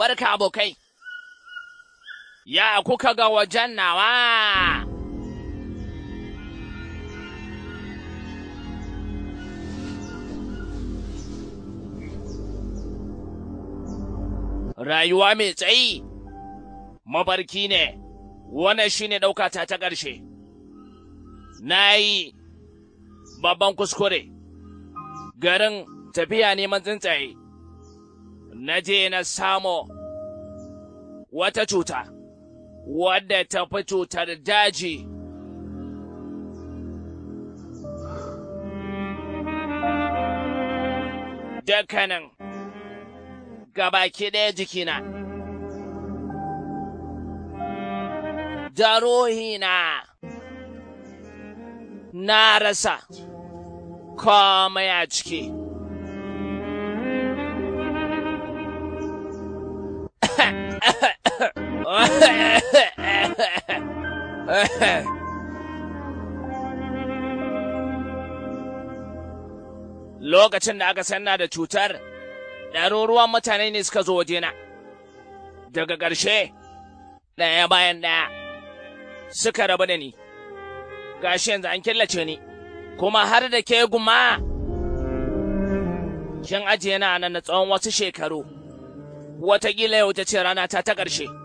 barka abokai. Ya kuka ga wajen nawa? Rayuwa mai tsayi, mabarki ne, wannan shi ne ɗaukata ta ƙarshe. Na yi babban kuskure, garin tafiya neman tsuntsaye. na je na samo wata cuta wadda ta fi cutar daji. Dakanan gabaki ɗaya jikina, da ruhina na rasa komai a ciki. Lokacin da aka sanna da cutar, ɗaruruwan mutane ne suka zo wajena. Daga ƙarshe, ɗaya bayan ɗaya, suka rabu da ni. Gashi yanzu an killace ni, kuma har da ke guma. Kin ajiye na nan na tsawon wasu shekaru. Wataƙila yau ta ce rana ta ta ƙarshe.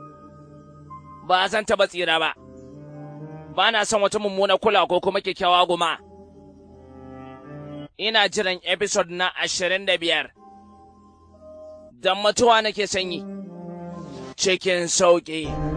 ba zan taɓa tsira ba. Ba na son wata mummuna kula ko kuma kyakkyawa guma. Ina jiran episode na ashirin da biyar. Don mutuwa nake sanyi cikin sauƙi.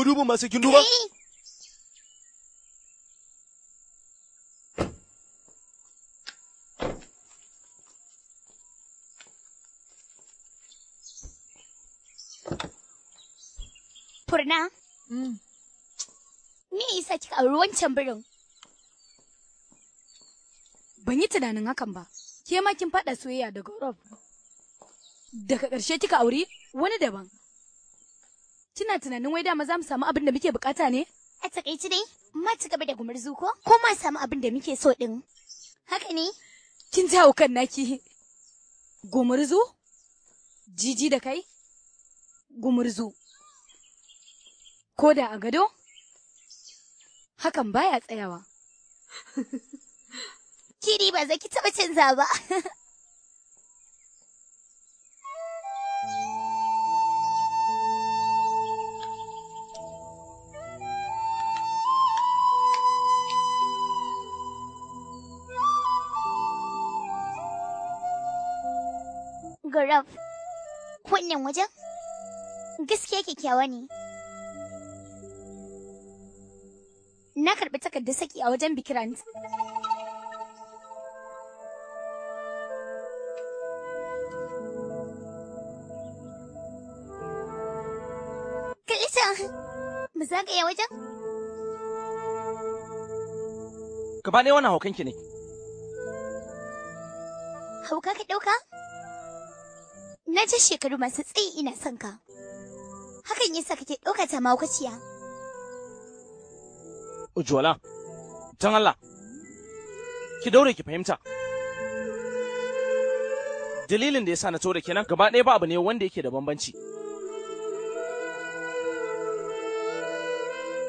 mu dubu masu kin duba? Eh. Furna? Mm. Me isa kika auri wancan birin? Ban yi tunanin hakan ba, ke ma kin faɗa soyayya daga Rob. Daga ƙarshe kika auri wani daban. Kina tunanin wai da maza mu samu abin da muke bukata ne? A takaici dai, ma ci gaba da gumurzu ko? Ko ma samu abin da muke so din? Haka ne? Kin jawo kan naki. Gumurzu? Jiji da kai? Gumurzu. Ko da a gado? Hakan baya tsayawa. Kiri ba zaki ki taɓa canza ba. Raf, wannan wajen gaskiya kyakkyawa ne. Na karɓi takardar saki a wajen Bikirant. Kalisa, ka iya wajen? Gaba ne wani haukanki ne. Hauka ka ɗauka? Na ji shekaru masu tsayi ina son ka. Hakan yasa kake ɗaukata mahaukaciya. Ujwala, don Allah, ki daure ki fahimta. Dalilin da yasa na tore kenan gaba ɗaya ba abu ne wanda yake da bambanci.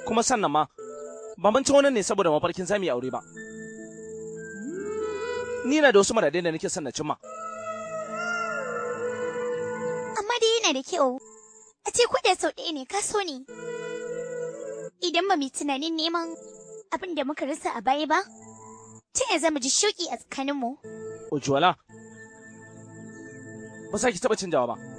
Kuma sannan ma, bambancin wannan ne saboda mafarkin zami aure ba. Ni na da wasu maradai da nake son na cimma. da kyau. A ce ko da sau ɗaya ne ka so ne. Idan ba mu tunanin neman abin da muka rasa a baya ba, tun yanzu mu ji shuki a tsakaninmu. Ojuwala, ba sa ki taɓa canjawa ba.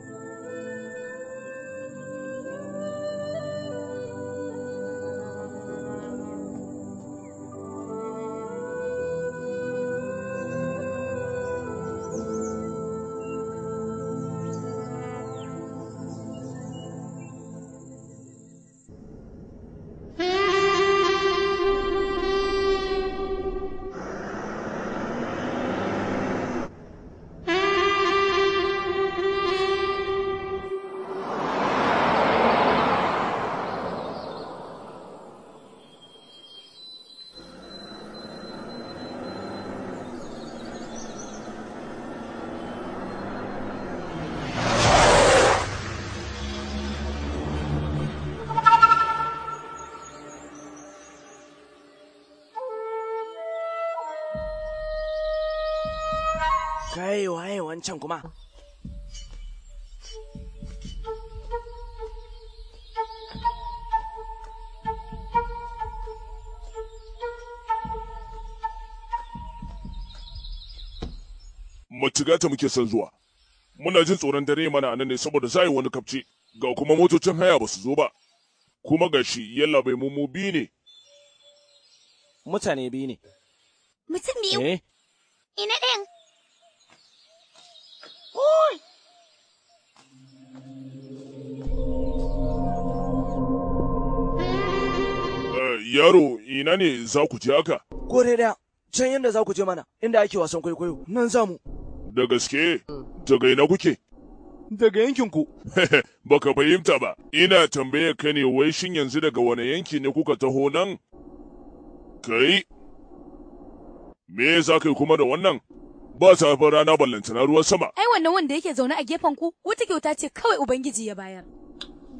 괜찮구만. kuma Macigata muke son zuwa, muna jin tsoron dare mana nan ne saboda za yi wani kafce ga kuma motocin haya ba su zo ba, kuma ga shi yalla bai mummu biyu ne. Mutane biyu ne. Mutum biyu? Eh? Yaro, ina ne za ku je haka? Kore da can yadda za ku je mana, inda ake wasan kwaikwayo, nan za mu. Da gaske, daga ina kuke? Daga yankinku. Baka fahimta ba, ina tambaye ka ne wai shin yanzu daga wani yanki ne kuka taho nan? Kai, me za ka yi kuma da wannan? Ba safin rana ballantana ruwan sama. Ai wannan wanda yake zaune a gefen ku, wata kyauta ce kawai Ubangiji ya bayar.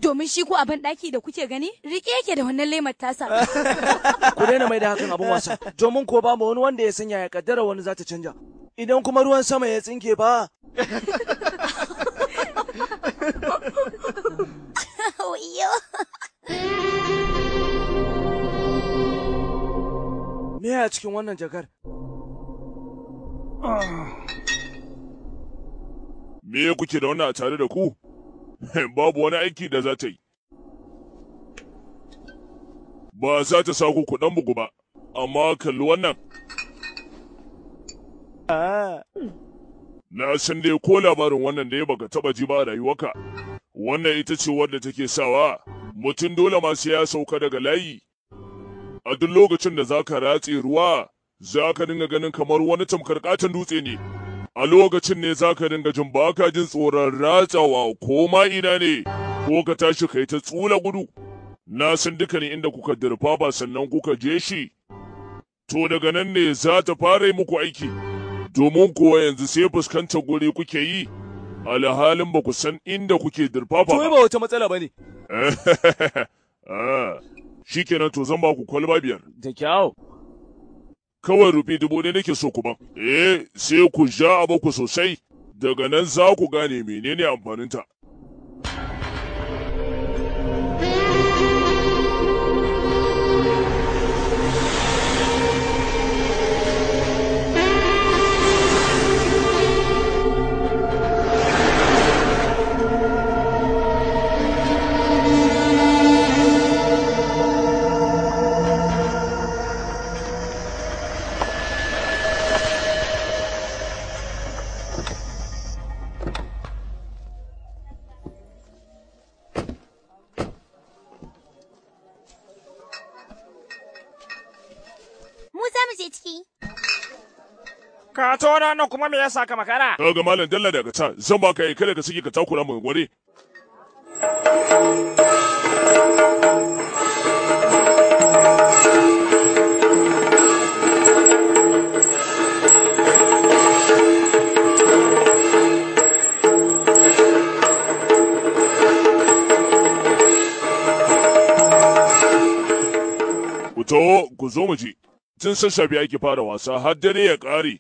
domin shi ko abin daki da kuke gani rike yake da wannan lemar tasa ku daina mai da hakan abin wasa domin ko ba mu wani wanda ya sanya ya kaddara wani zata canja idan kuma ruwan sama ya tsinke ba oh, Me a cikin wannan jakar? Me kuke da wannan a tare da ku? babu wani aiki da za ta yi. Ba za ta sa ku kuɗan bugu ba, amma kalli wannan. Na san dai ko labarin wannan da ya baka taba ji ba a rayuwarka. Wannan ita ce wadda take sawa mutum dole masu sai ya sauka daga layi. A duk lokacin da za ka ratse ruwa, za ka dinga ganin kamar wani tamkar katon dutse ne. a lokacin ne za ka dinga jin ba ka jin tsoron ratsawa ko ma ina ne ko ka tashi kai ta tsula gudu na san dukkanin inda kuka dirfa ba sannan kuka je shi to daga nan ne za ta fara yi muku aiki domin kuwa yanzu sai fuskantar wuri kuke yi alhalin ba ku san inda kuke dirfafa ba. ba wata matsala ba ne. Ah, shi kenan to zan ba ku kwalba biyar. Da kyau. kawai rufi dubu ne nake so ku ba Eh, sai ku ja a ku sosai, daga nan za ku gane menene amfaninta. Ka tona nan kuma me yasa ka makara? ga malam Dalla daga can zan ba yi kada ka saki ka takura mu gware. Ku zo mu ji. Tun sassafe ake fara wasa har dare ya ƙare.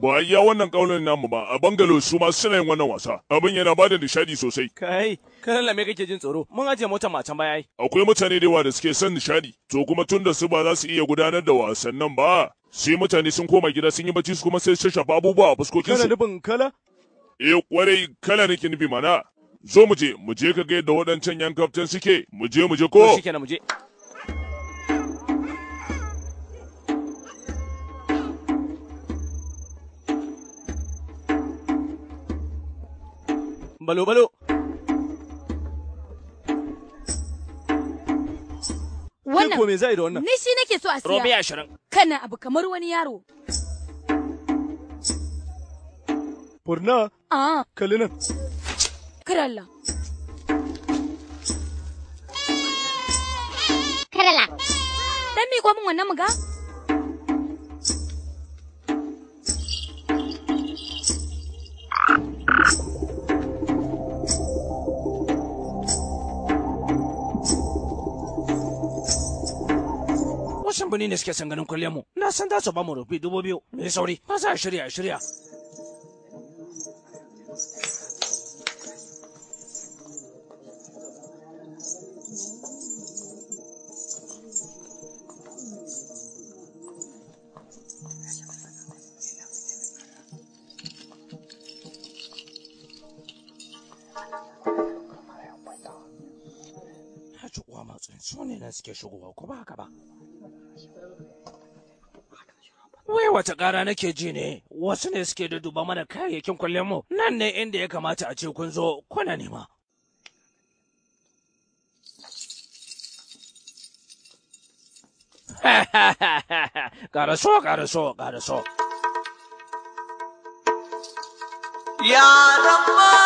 Ba iya wannan kaunin namu ba, a bangalo su ma suna yin wannan wasa. Abin yana ba da nishadi sosai. Kai, kan lame kake jin tsoro, mun ajiye mota ma can baya. Akwai mutane da yawa da suke son nishadi, to kuma tun da su ba za su iya gudanar da wasannin ba. Sai mutane sun koma gida sun yi bacci su kuma sai su shafa abubuwa a fuskokinsu. Kana nufin kala? Eh kwarai kala nake nufi mana. Zo mu je, mu je ka ga yadda wadancan yan kaftan suke, mu je mu je ko. shikenan mu je. Balu, balu. Wannan. Ko me zai da wannan? Ni shi nake so a siya. Robe ashirin. Kana abu kamar wani yaro. Furna. Ah. Kalli nan. Karalla. Karalla. Dan mi ko min wannan muga? kamfani ne suke san ganin kwalliyar mu na san za su ba mu rufi dubu biyu mai sauri ba za a shirya a shirya su ne na suke shigowa ko ba haka ba wata ƙara nake ji ne wasu ne suke da duba mana kayayyakin kullum mu nan ne inda ya kamata a ce kun zo kuna nema Karaso, karaso, karaso. Ya Rabba!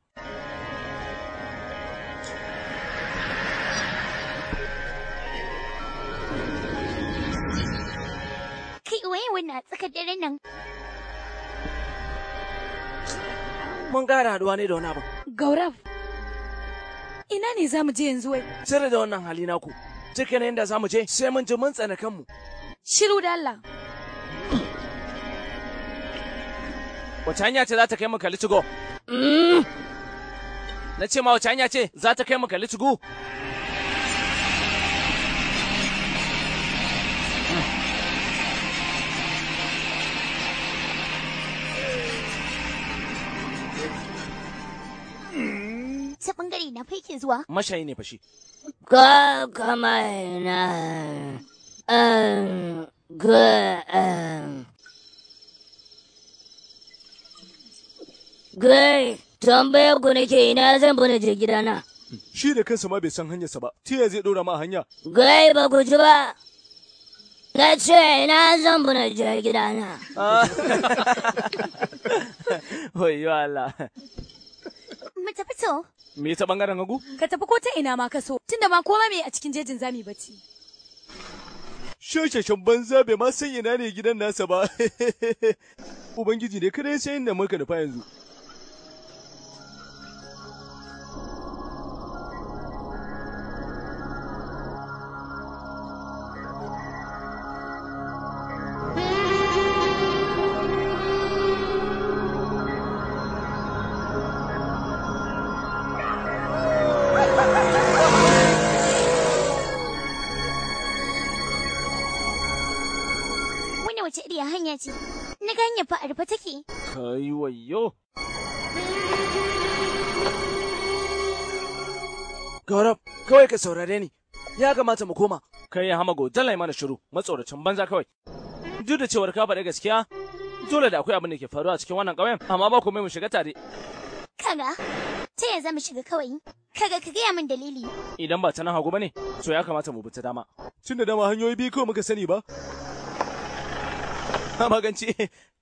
aka dare nan? Mun gara haɗuwa ne da wani abu. Gaurav, ina ne za mu je yanzu wai? Sirri da wannan hali naku, cikin inda za mu je sai mun ji mun tsana kanmu. Shiru da Allah. Wace hanya ce za ta kai mu kalli mm. Na ce ma wace hanya ce za ta kai mu kalli cigo? ta bangare na fa zuwa mashayi ne fa shi ka kama na um, ga um. Gray, tambayar ku nake ina zan bane je gidana. Shi da kansa ma bai san hanyarsa ba, tiya zai ɗora ma hanya. Gai, ba ku ji ba. Na ce ina zan bane je gidana. Allah. Mu tafi to. Me ta bangaren hagu? Ka tafi ko ta ina ma ka so. Tunda ma kowa me a cikin jejin zami bacci. Shashashan banza bai ma san ina ne gidan nasa ba. Ubangiji ne kada ya san inda muka nufa yanzu. hanyar fa a rufe take. Kai wayo. Gaurab, kawai ka saurare ni. Ya kamata mu koma. Kai ya hama godalai mana shiru, matsoracin banza kawai. Duk da cewar ka faɗi gaskiya, dole da akwai abin da ke faruwa cikin wannan ƙauyen, amma ba ku mai mu shiga tare. Kaga, ta yanzu mu shiga kawai? Kaga ka gaya min dalili. Idan ba ta nan hagu ba ne, to ya kamata mu bi ta dama. Tun da dama hanyoyi biyu kawai muka sani ba. magance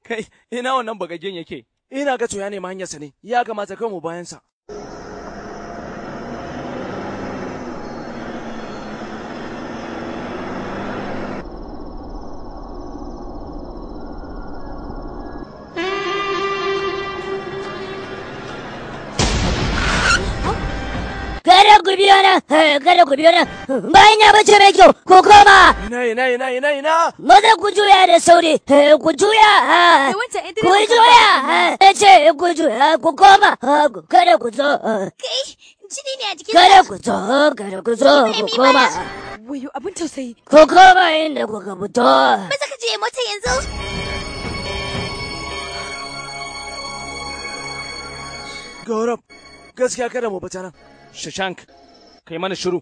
kai ina wannan bagajen yake ina ga to ya nema hanyarsa ne ya kamata kai mu bayansa kada ku biyo na, kada ku biyo na, bayan ya bace mai kyau ku koma ina ina ina ina ina maza ku juya da sauri ku juya ku juya ce ku juya ku koma kada ku zo jini ne a jikin kada ku zo kada ku zo ku koma wayo abin tausayi ku koma inda ka fito maza ka je mota yanzu Gaurab, gaskiya kada mu bata nan. shashank kai mana shiru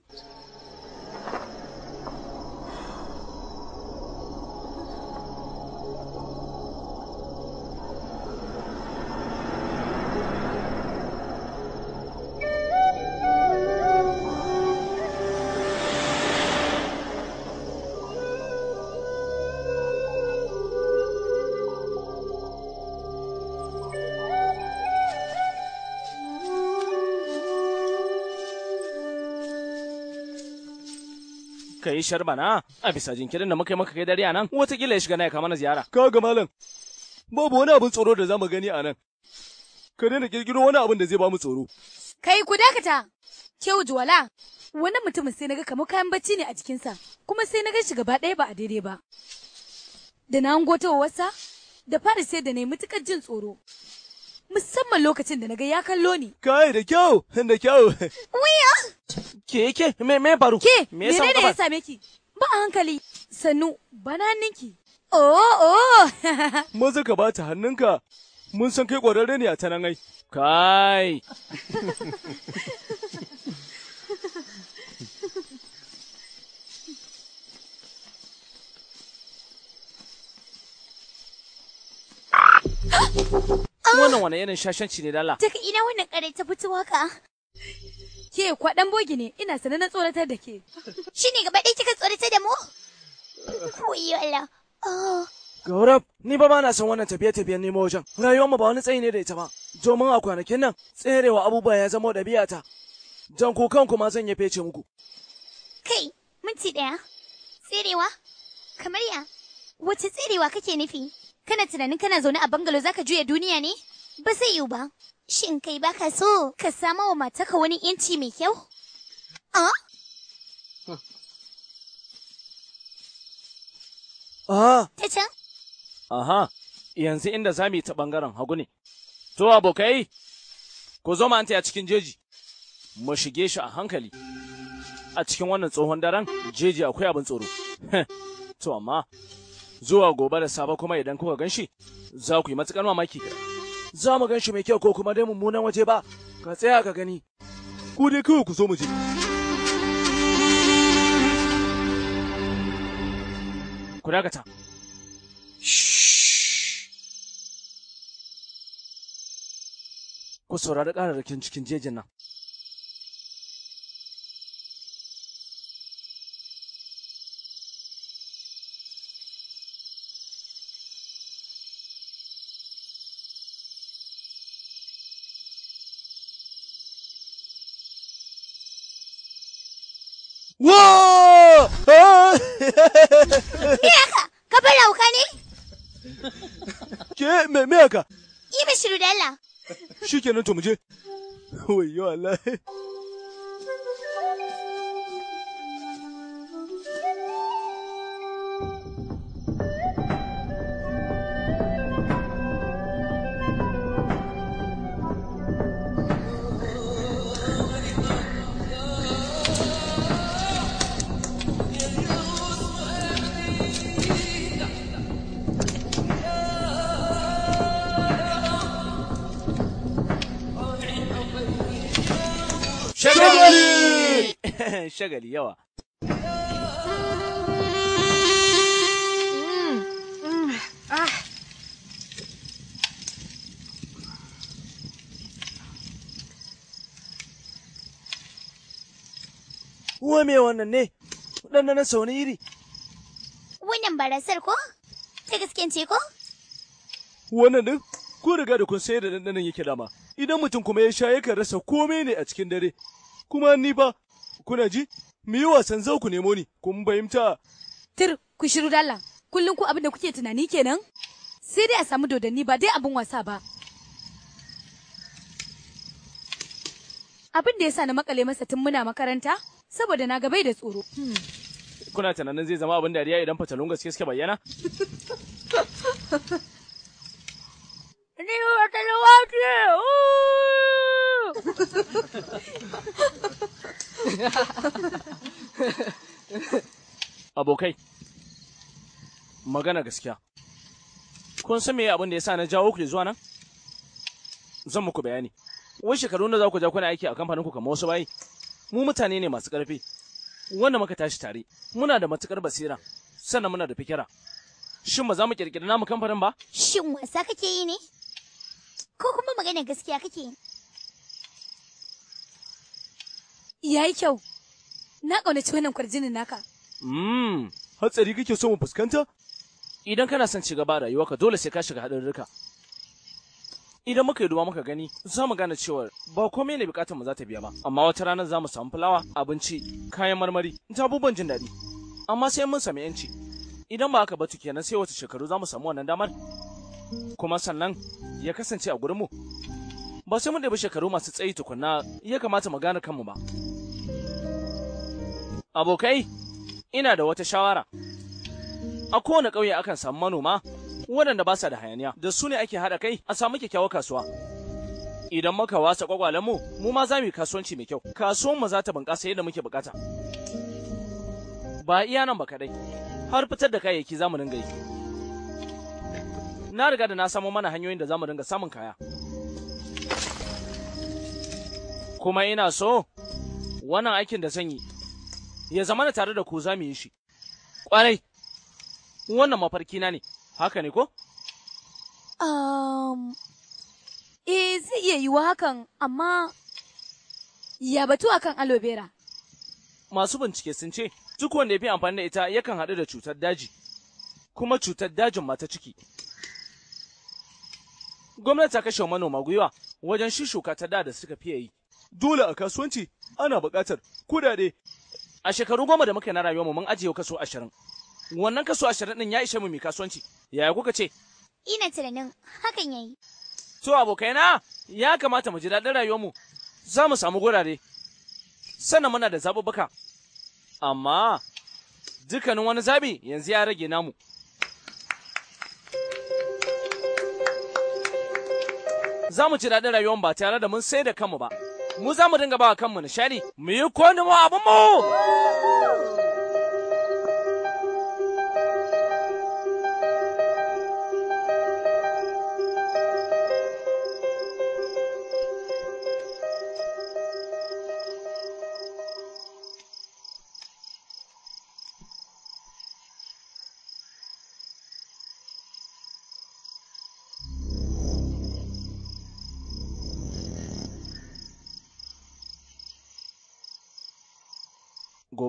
yi sharbana a bisa jinkirin da muka yi maka kai dare a nan watakila ya shiga na ya kama na ziyara. Kaga malam, babu wani abin tsoro da za mu gani a nan. Ka daina kirkiro wani abin da zai ba mu tsoro. Kai ku dakata, kyau juwala. Wani mutumin sai naga kamar kayan bacci ne a jikinsa, kuma sai naga shi gaba ɗaya ba a daidai ba. Da na hango wasa, da fari sai da na yi matuƙar jin tsoro. musamman lokacin da na ga ya kallo ni. Kai da kyau, da kyau. Wiya! Ke ke, me me faru? Ke, me ya same ki? Ba a hankali, sannu, bananinki. Oh, oh! Maza ka bata hannunka, mun san kai ƙwararre ne a ta nan ai. Kai! Ha wannan wani irin shashanci ne dala. Daga ina wannan kare ta fito haka? Ke kwaɗan bogi ne, ina sanar na tsoratar da ke. Shi ne gaba ɗaya kika tsoratar da mu? Koyi wala. Ah. Gaurab, ni ba ma na san wannan tafiye-tafiyen nemo wajen. Rayuwar mu ba wani tsayi ne da ita ba. Domin a kwanakin nan, tserewa abubuwa ya zama ta. Jan ku kanku ma zan yi fece muku. Kai, minti ɗaya. Tserewa? Kamar ya? Wace tserewa kake nufi? Kana tunanin kana zaune a bangalo zaka juya duniya ne? Ba zai yiwu ba. Shin kai baka so ka sama wa mataka wani 'yanci mai kyau? Ah? A! Ta can? Aha, yanzu inda za mu yi ta ɓangaren hagu ne. To abokai, ku zo ma a cikin jeji, mu shige shi a hankali. A cikin wannan tsohon daren, jeji akwai abin tsoro. To amma, zuwa gobe da safe kuma idan kuka ganshi, za ku yi matukar mamaki za mu ganshi mai kyau ko kuma dai mummunan waje ba ka tsaya ka gani ku dai kawai ku zo mu je ku dakata ku saurari kararrakin cikin jejin nan haka? Yi mi Shikenan to je. shagali yawa. wannan ne? ɗan Ɗanɗana sau wani iri? Wannan barasar ko? Ta gaskiyance ko? Wannan ɗin, Ko riga da kun sayar da ɗanɗanan yake dama. Idan mutum kuma ya sha yakan rasa komai ne a cikin dare. Kuma ni ba kuna ji? Mu yi wasan zau ku nemo ni, kun fahimta. Tir, ku shiru dalla, kullum ku abin da kuke tunani kenan? Sai dai a samu dodanni ba dai abin wasa ba. Abin da ya sa na makale masa tun muna makaranta, saboda na gabai da tsoro. Hmm. Kuna tunanin zai zama abin dariya idan fatalun gaske suke bayyana? Ni wata ce! Abokai, magana gaskiya. Kun san meye abin da ya sa na jawo ku zuwa nan? Zan muku bayani. Wai shekaru na za ku ja kuna aiki a kamfanin ku kamar wasu bayi. Mu mutane ne masu ƙarfi. Wanda muka tashi tare, muna da matukar basira, sannan muna da fikira. Shin ba za mu ƙirƙiri namu kamfanin ba? Shin wasa kake yi ne? Ko kuma magana gaskiya kake yi? Yayi kyau. Na ƙaunaci wannan kwarjinin naka. Mmm, hatsari kake so mu fuskanta? Idan kana son ci gaba rayuwa ka dole sai ka shiga haɗarurruka. Idan muka yi duba muka gani, za mu gane cewa ba komai ne bukatar mu za ta biya ba, amma wata ranar za mu samu fulawa, abinci, kayan marmari, ta abubuwan jin daɗi. Amma sai mun sami 'yanci. Idan ba haka ba kenan sai wata shekaru za mu samu wannan damar. kuma sannan ya kasance a gurinmu ba sai mun ɗabi shekaru masu tsayi tukunna ya kamata mu gane kanmu ba Abokai, ina da wata shawara. A kowane ƙauye akan samu manoma waɗanda ba sa da hayaniya, da su ne ake haɗa kai a samu kyakkyawar kasuwa. Idan muka wasa mu mu ma za mu yi kasuwanci mai kyau. Kasuwanmu za ta bunƙasa yadda muke buƙata. Ba iya nan ba kaɗai, har fitar da kayayyaki za mu dinga yi. Na riga da na samo mana hanyoyin da za mu dinga samun kaya. Kuma ina so, wannan aikin da sanyi. ya zama na tare da ku za mu yi shi. Ƙwarai, wannan mafarki na ne, haka ne ko? Um, eh zai iya yiwa hakan, amma ya batu akan aloe vera. Masu bincike sun ce, duk wanda ya fi amfani da ita yakan haɗu da cutar daji, kuma cutar dajin mata ciki. Gwamnati ta kashe manoma gwiwa wajen shishuka ta da da suka fiye yi. Dole a kasuwanci ana buƙatar kudade a shekaru goma da muka yi na rayuwarmu mun ajiye kaso ashirin wannan kaso ashirin ɗin ya ishe mu mai kasuwanci yaya kuka ce ina tunanin hakan yayi to abokaina ya kamata mu ji daɗin rayuwarmu za mu samu gurare sannan muna da zaɓuɓɓuka amma dukkanin wani zaɓi yanzu ya rage namu za mu ci daɗin rayuwar ba tare da mun sai da kanmu ba. mu za mu dinga ba kanmu nishadi mu yi ko abin mu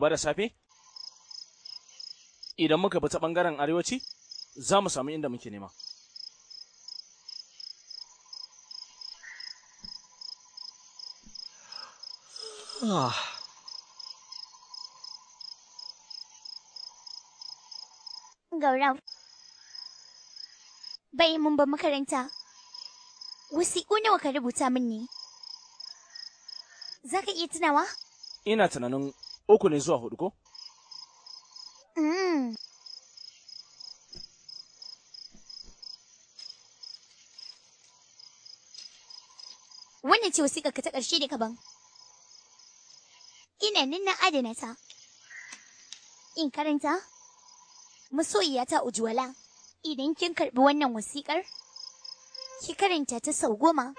da safe idan muka bi ta ɓangaren arewaci za mu samu inda muke nema ah mun ba makaranta. Wasiƙu nawa ka rubuta min ne? Za ka iya tunawa? Ina tunanin uku ne zuwa hudu ko? Mm. Wannan ce wasiƙar ka ta ƙarshe da kaban. Ina nan adana ta. In karanta? Masoyiyata Ujuwala, idan kin karɓi wannan wasiƙar, ki karanta ta sau goma.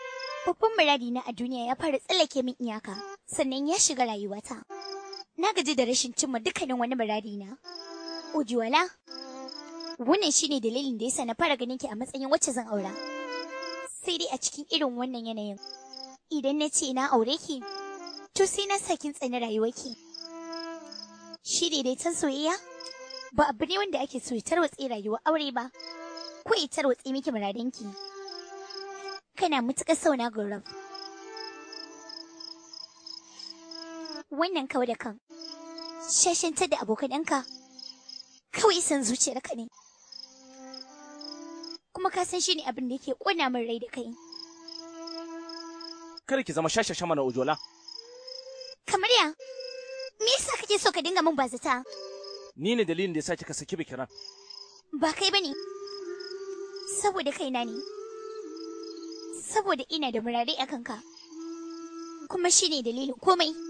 Babban muradi na a duniya ya fara tsallake min iyaka, sannan ya shiga rayuwata. Na gaji da rashin cimma dukkanin wani murari na. Ujiwala, wannan shine dalilin da yasa na fara ganin ki a matsayin wacce zan aura. Sai dai a cikin irin wannan yanayin. Idan na ce na aure ki, to sai na sa kin tsani ki. Shi daidaiton soyayya? Ba abu ne wanda ake so ya tarwatse rayuwar aure ba, ko ya tarwatsi miki muradanki. Kana mutuƙar sauna gurab. wannan kawai da kan shashantar da abokan ɗanka kawai san zuciyarka ne kuma ka san shine abin da yake ƙona min rai da kai kada ki zama shashasha mana ujola kamar ya me yasa kake so ka dinga min bazata ni ne dalilin da yasa kika saki bikiran ba kai bane saboda kaina ne saboda ina da murare a kanka kuma shine dalilin komai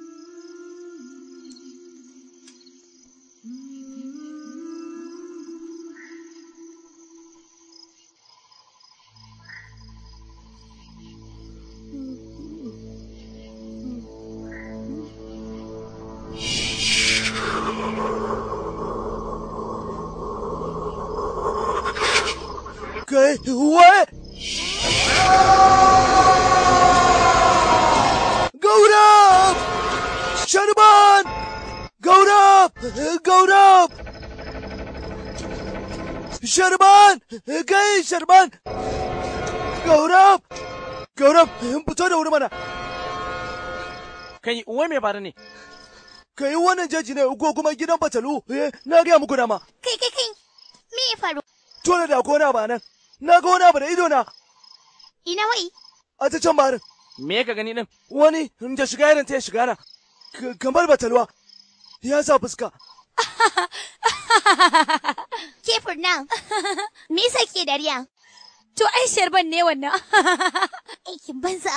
wai Gaurab! Sharman! Gaurab! Gaurab! Sharman! Kai Sharman! Gaurab! Gaurab, fito da wuri mana! Kai, wai me bara ne? Kai wannan jeji ne ko kuma gidan batalu, eh, na gaya muku dama. Kai, kai, kai, me ya faru? Tona da gona ba nan. na ga wani abu da ido na. Ina wai? A ta can barin. Me ka gani din? Wani da shiga irin ta ya shiga na. Kamar batalwa. Ya sa fuska. Kefur nan. Me yasa ke dariya? To ai sharban ne wannan. Aikin banza.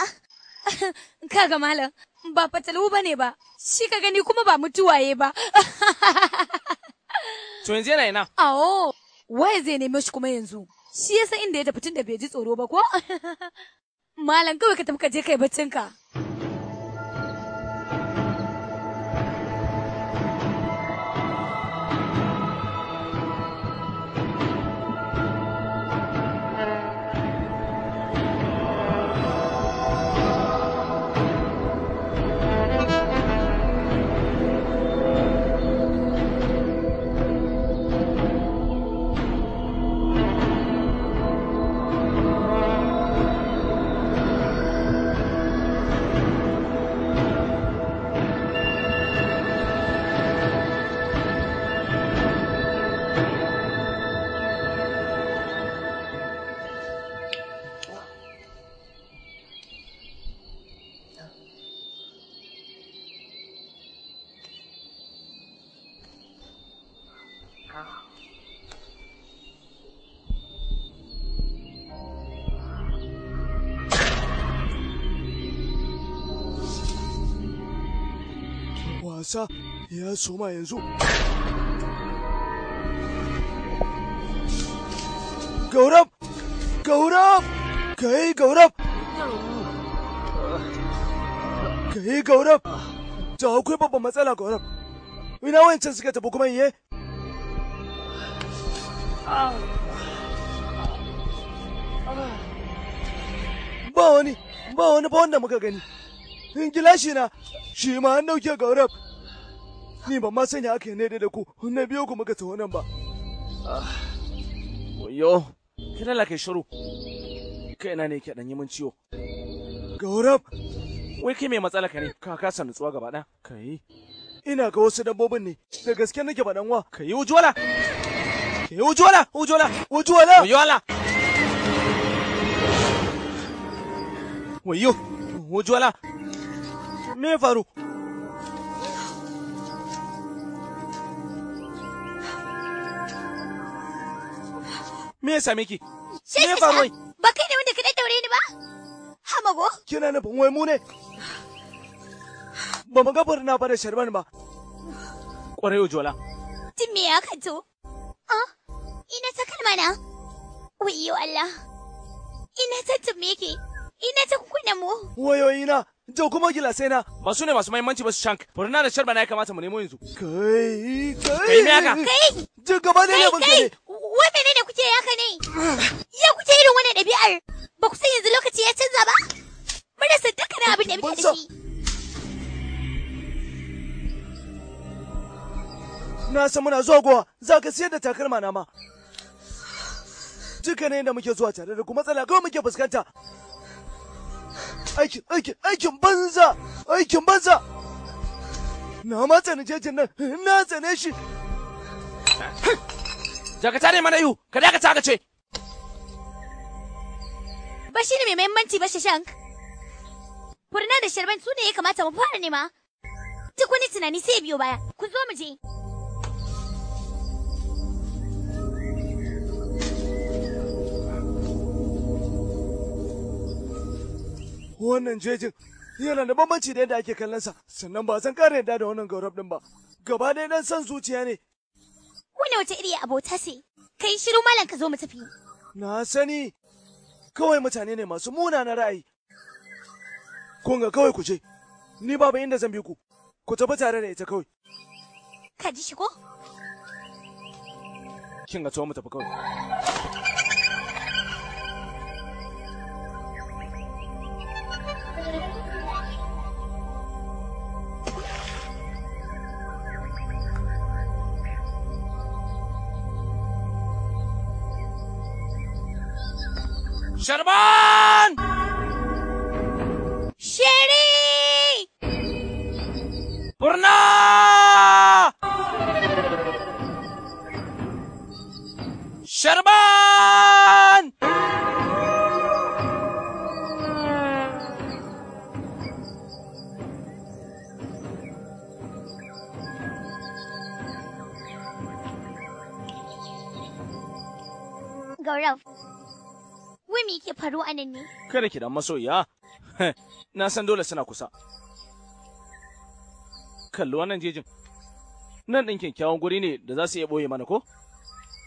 Kaga malam, ba fatalu ba ne ba, shi ka gani kuma ba mutuwaye ba. To yanzu yana yana? Awo, waye zai neme shi kuma yanzu? shi yasa inda ya tafi tun da bai ji tsoro ba ko? Malam kawai ka tafi ka je kai baccinka. sa ya soma yanzu gaurab gaurab kai gaurab yi gaurab da akwai babban matsala gaurab ina wancan suka tafi kuma iye ba wani ba wani ba wanda muka gani gilashi na shi ma an dauke gaurab ni ban ma sanya aka yi ne da ku na biyo ku muka taho nan ba. Oyo, kina la kai shiru. Kaina ne ke ɗanyi min ciwo. Gaurab! Wai kai mai matsala ka ne, ka kasa nutsuwa gaba ɗaya. Kai. Ina ga wasu dabbobin ne, da gaske nake ba wa. Ka yi Kai ujola, ujola, ujola. Ujola. Wujola! Wujola! Wayo! Wujola! Me faru? Me ya same ki? Me ya faru wai? Ba kai ne wanda ka daure ni ba? Hamago? Kina nufin wai mu ne? Ba mu gabar na ba da Sharman ba. Ƙwarai Jola. Tun me ya kanto? Ah, ina ta kalmana. yo Allah. Ina ta tumiki. Ina ta kuna mu. ina Da kuma gilasai na masu ne masu mahimmanci ba su shank. Furna da sharba na ya kamata mu nemo yanzu. Kai, kai. Kai me haka? Kai. Duk gaba ne ne ban kai. Wai menene kuke haka ne? Ya kuke irin wani ɗabi'ar? Ba ku san yanzu lokaci ya canza ba? Mun rasa dukkanin abin da muke da shi. Na san muna zuwa gowa, za ka siyar da takalma na ma. Dukkanin da muke zuwa tare da kuma matsala kawai muke fuskanta. Aikin, aikin, aikin banza, aikin banza. Na ma tsani jejin nan, na tsane shi. Dakata ne mana ihu, ka dakata ka ce. Ba shi ne mai mahimmanci ba Shashank. Furna da Sharban su ne ya kamata mu fara nema. Duk wani tunani sai biyo baya, ku zo mu je. Wannan jejin yana da bambanci da yadda ake kallonsa, sannan ba zan kare yadda da wannan gaurab din ba. Gaba ɗaya dan san zuciya ne, Wani wace iri abota sai Kai shiru malam ka zo mu tafi. Na sani. Kawai mutane ne masu muna na ra'ayi. Kun ga kawai ku je. Ni babu inda zan bi ku. Ku tafi tare da ita kawai. Ka ji shi ko? Kin ga tsohon mu tafi kawai. Sherman! Sherry! Purna! ne yake faruwa a nan ne? Kada ki dan masoyiya. Na san dole suna kusa. Kalli wannan jejin. Nan ɗin kyakkyawan guri ne da za su iya ɓoye mana ko?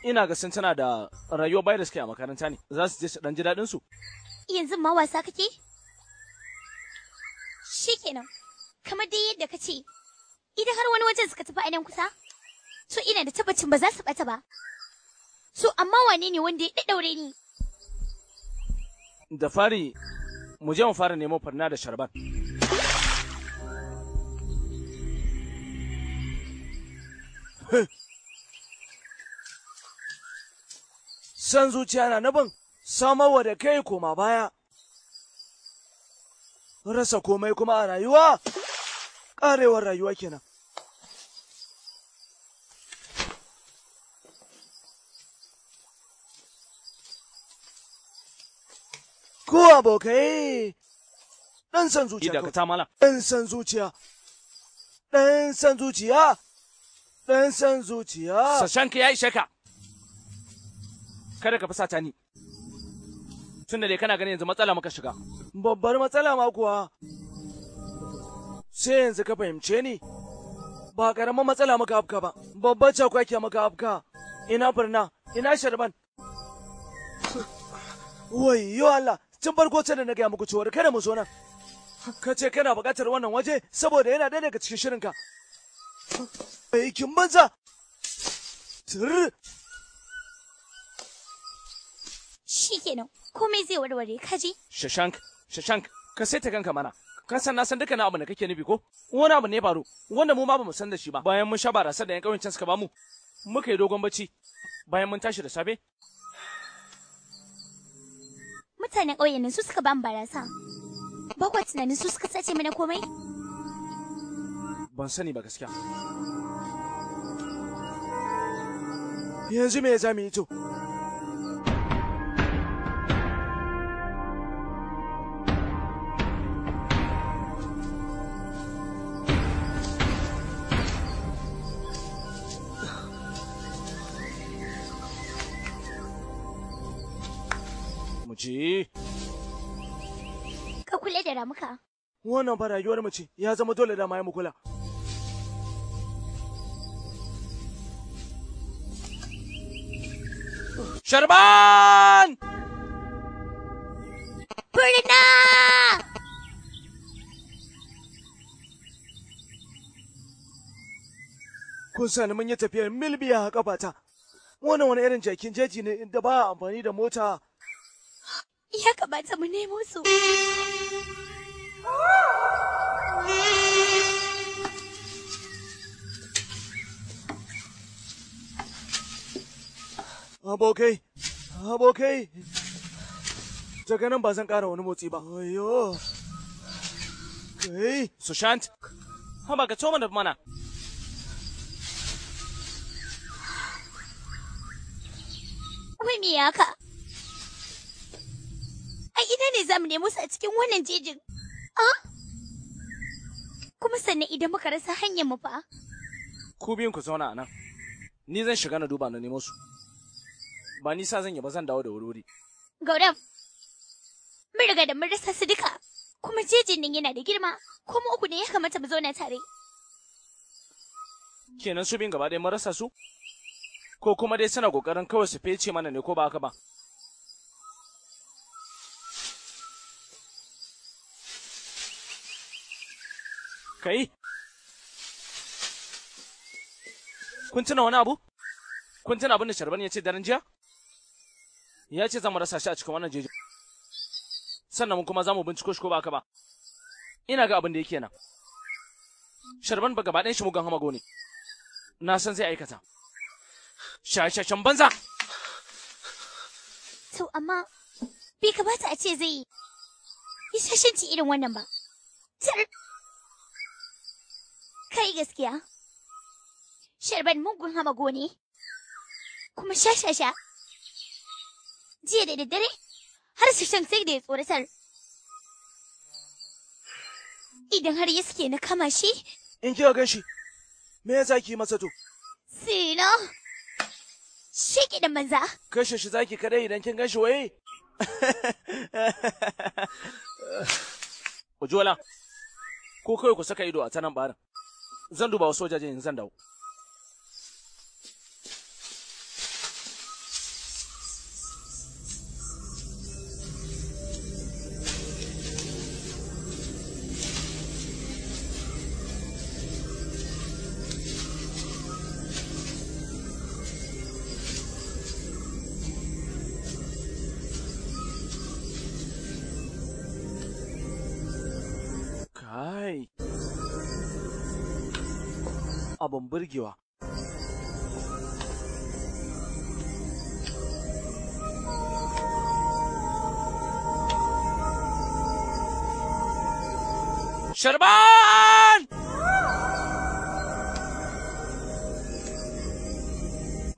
Ina ga sun tana da rayuwa bai da suke a makaranta ne. Za su je su ɗan ji daɗin su. Yanzu ma wasa kake? kenan, Kamar dai yadda ka ce, idan har wani wajen suka tafi a nan kusa, to ina da tabbacin ba za su ɓata ba. To amma wane ne wanda ya ɗaɗɗaure ni? Da fari, mu je mu fara neman farna da sharban. San zuciya na nabin samarwa da kai koma baya. Rasa komai kuma a rayuwa, ƙarewar rayuwa kenan. abokai ɗan san zuciya ka ta mala ɗan san zuciya ɗan san zuciya ɗan san zuciya sashanka ya ishe ka kada ka fusata ni tun da dai kana ganin yanzu matsala muka shiga babbar matsala ma kuwa sai yanzu ka fahimce ni ba ƙaramin matsala muka afka ba babbar cakwaki muka afka ina birna ina sharban wayo Allah tun farko ce da na gaya muku cewar kada mu zo nan ka ce kana buƙatar wannan waje saboda yana ɗaya daga cikin shirinka mai kin banza tir shikenan komai zai warware kaji shashank shashank ka ta kanka mana ka san na san dukkan abu da kake nufi ko wani abu ne faru wanda mu ma bamu san da shi ba bayan mun sha barasa da yan ƙauyen can suka bamu muka yi dogon bacci bayan mun tashi da safe Mutanen ƙauyen nan su suka ban barasa. Ba kwa tunanin su suka sace mana komai? Ban sani ba gaskiya. Yanzu me ya za mu to? je. Ka kula da ramuka. Wannan ba rayuwar mace ya zama dole da ma mu kula. Sharban! Furna! Kun sani mun yi tafiyar milbiya a kafata. Wannan wani irin jakin jeji ne da ba amfani da mota ya kamata mu nemo su. Abokai, abokai, daga nan ba zan ƙara wani motsi ba. Ayo, kai, Sushant, haba ka coma da mana. Wai me ya ka? A ina ne za mu nemo su a cikin wannan jejin? Ah? Kuma sannan idan muka rasa hanyar mu fa? Ku biyun ku zauna a nan. Ni zan shiga na duba na nemo su. Ba nisa zan yi ba zan dawo da wuri. Gaurab, mun riga da mun rasa su duka. Kuma jejin nan yana da girma, kuma uku ne ya kamata mu zauna tare. Kenan su biyun gaba ɗaya mun rasa su? Ko kuma dai suna ƙoƙarin kawai su fece mana ne ko ba haka ba? Kai? Kun tuna wani abu? Kun tuna abin da Sharban ya ce daren jiya? Ya ce za mu rasa shi a cikin wannan jeji. Sannan mun kuma za mu binciko shi ko ba ka ba. Ina ga abin da yake nan. Sharban ba gaba ɗayan shi mugan hamago ne. Na san zai aikata. Shashashan banza! To, amma bai kamata a ce zai yi. Yi shashanci irin wannan ba. kai gaskiya. Sharban mugun hamago ne, kuma sha-sha-sha. Jiya da daddare, har su shan sai da ya tsoratar. Idan har ya suke na kama shi? In kika gan shi, me ya sa ki masa to? Sino, shi da manza. Kashe shi zaki kadai idan kin gan shi waye? Ujola, ko kawai ku saka ido a tanan barin. zan duba wasu wajajen zan dawo abin burgewa. Sharban!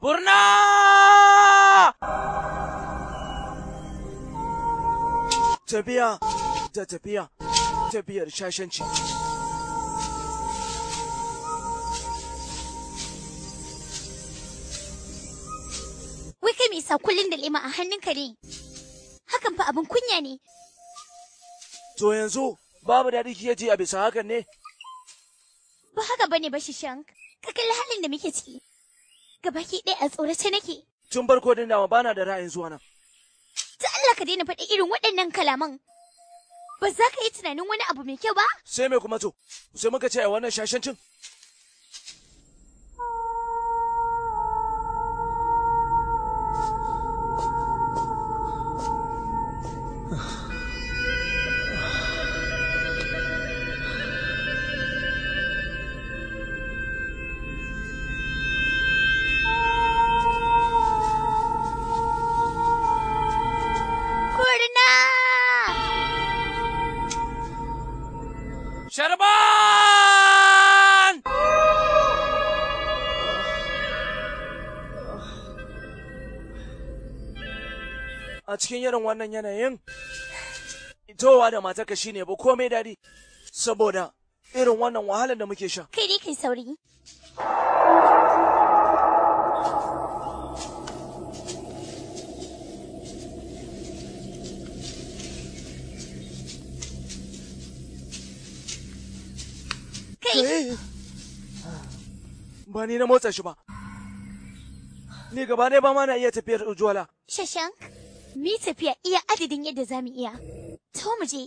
Burna! Tafiya da tafiya, tafiyar shashanci. kullum da lema a hannunka ne. Hakan fa abin kunya ne. To yanzu babu daɗi kike ji a bisa hakan ne? Ba haka bane ba shank Ka kalli halin da muke ciki. gaba ki ɗaya a tsorace nake. Tun farko din dama bana da ra'ayin zuwa nan. Ta Allah ka daina faɗi irin waɗannan kalaman. Ba za ka yi tunanin wani abu mai kyau ba? Sai me kuma to? Sai muka ce a wannan shashancin? irin wannan yanayin towa da matarka shine ba komai dadi saboda irin wannan wahalar da muke sha. Kai dai kai sauri. Ba ni na motsa shi ba. Ni gaba ne ba ma na iya tafiyar ujwala. Shashank. Mi tafiya iya adadin yadda za mu iya. To mu je.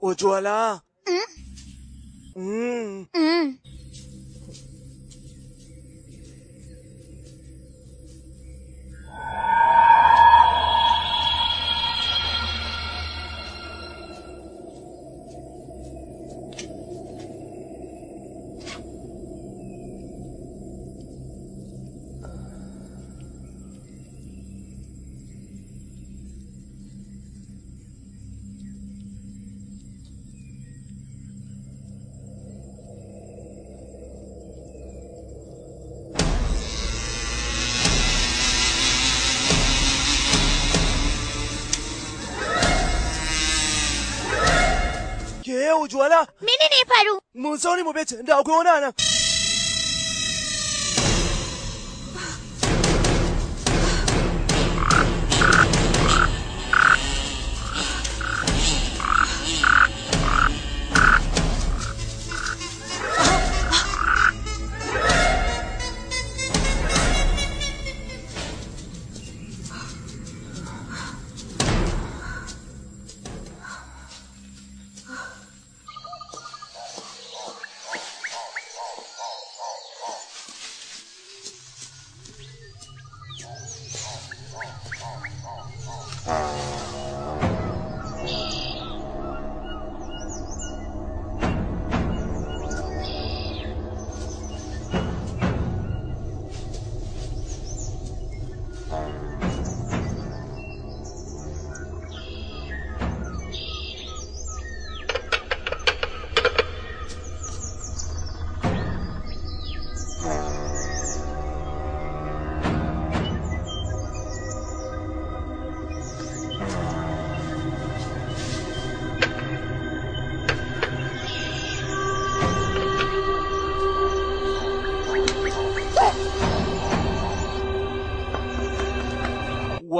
Ojwala. Mm. Mm. Mm. wujuwana. Mene ne faru? Mun sauni mu bece da akwai wani anan.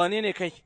wane ne kai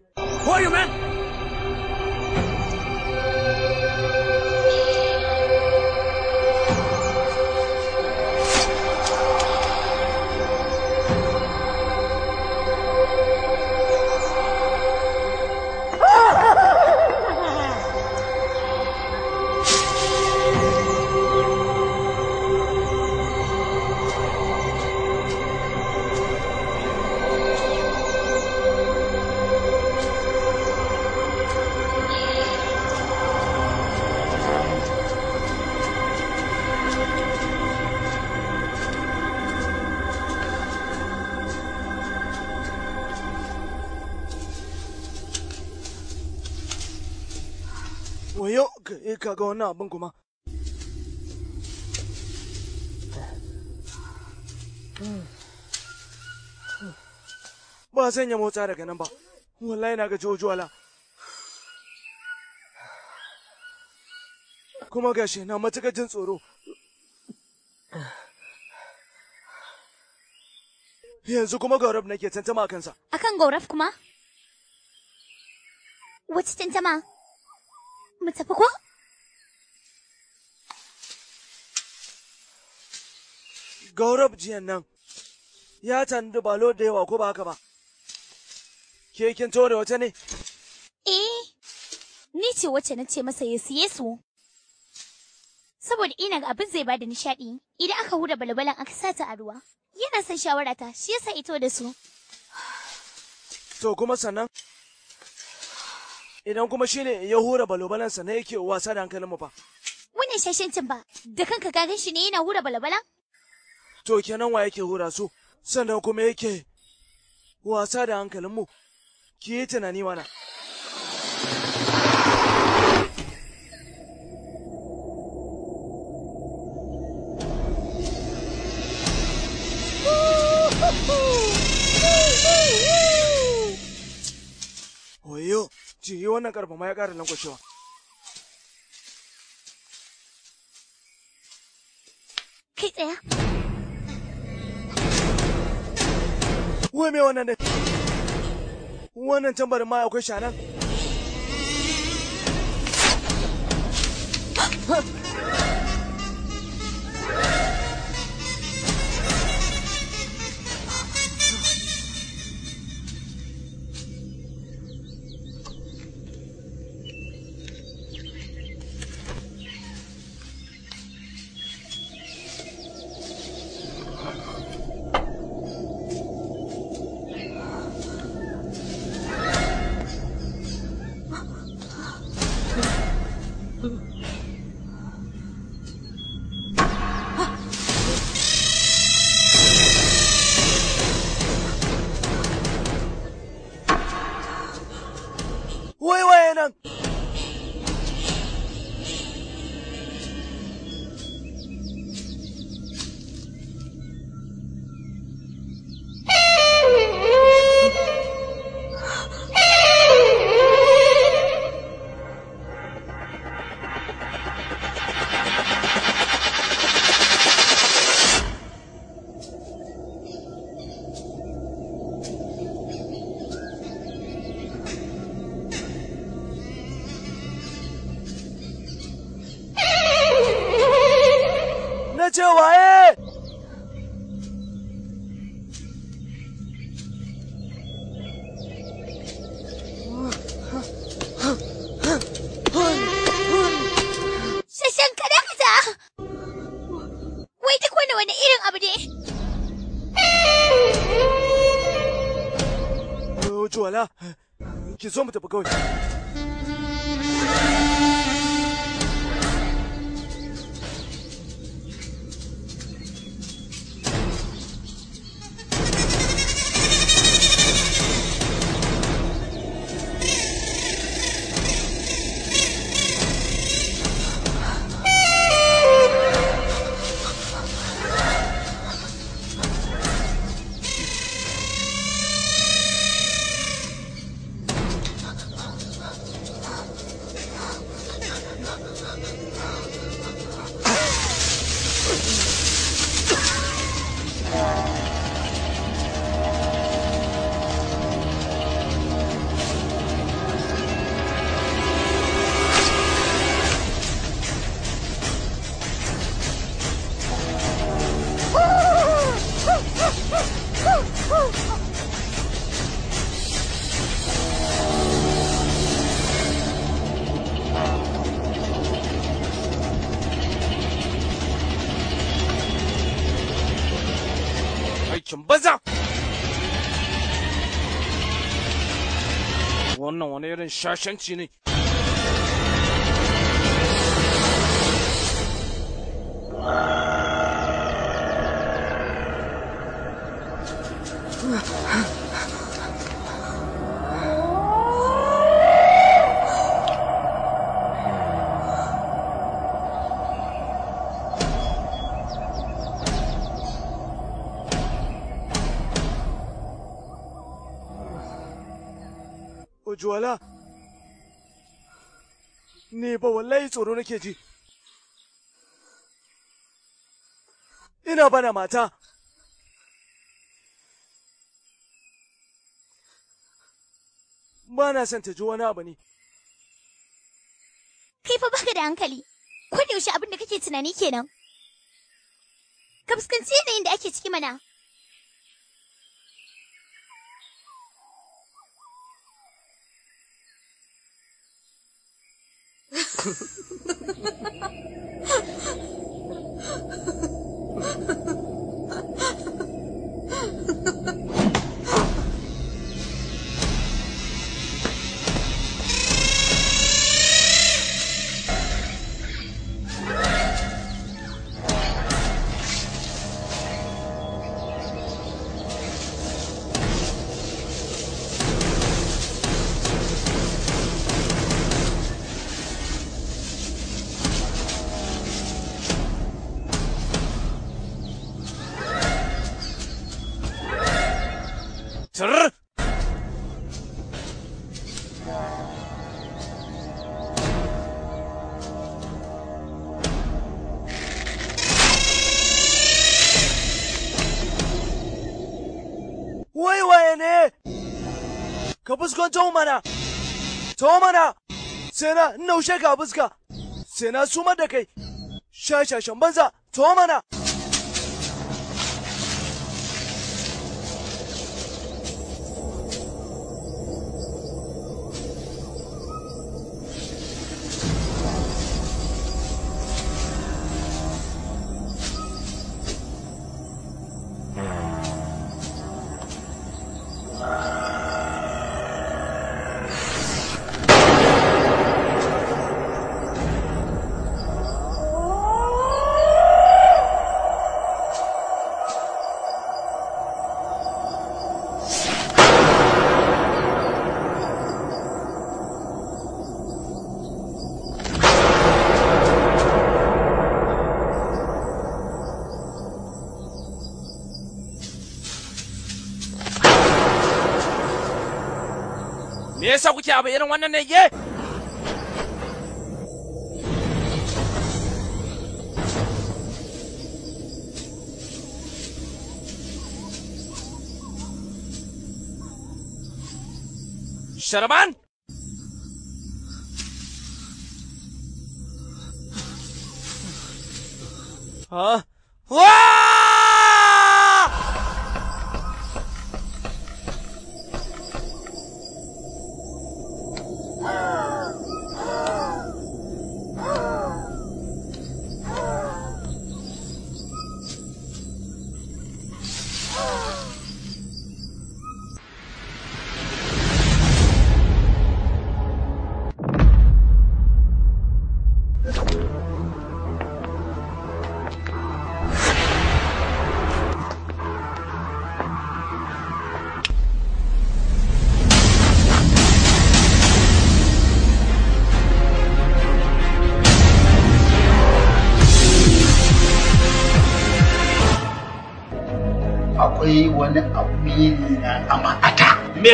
ga wannan abin kuma ba zan ya motsa daga nan ba wallahi na ga jojuwala kuma gashi na matuƙar jin tsoro yanzu kuma gaurab nake tantama a kansa akan gaurab kuma wace tantama mu tafi ko Gaurab jiyan nan ya tandu balo da yawa ko ba haka ba. Ke kin da wata ne? Eh, ni ce wacce na ce masa ya siye su. Saboda ina ga abin zai bada nishadi idan aka hura balbalan aka sata a ruwa. Yana son shawarata shi yasa ito da su. To kuma sannan? Idan kuma shine ya hura sa na yake wasa da hankalin mu fa. Wannan cin ba, da kanka ka gan shi ne yana hura balabalan. to kenan wa yake hura su sannan kuma yake wasa da hankalinmu ki yi tunani mana Oyo, ci yi wannan karfa ma ya ƙara lankwashewa. Kai tsaya. Wai me wannan ne? Wannan tambarin ma akwai shanan? Patreon. zo tafi wani irin shashanci ne tsoro nake ji ina bana mata ba na son ta ji wani abu ne kai fa baka da hankali ko yaushe abin da kake tunani kenan ka fuskanci yanayin da ake ciki mana taho mana taho mana sai na naushe ka fuska sai na da kai shashashan banza taho mana abu irin wannan ne ke Sharban?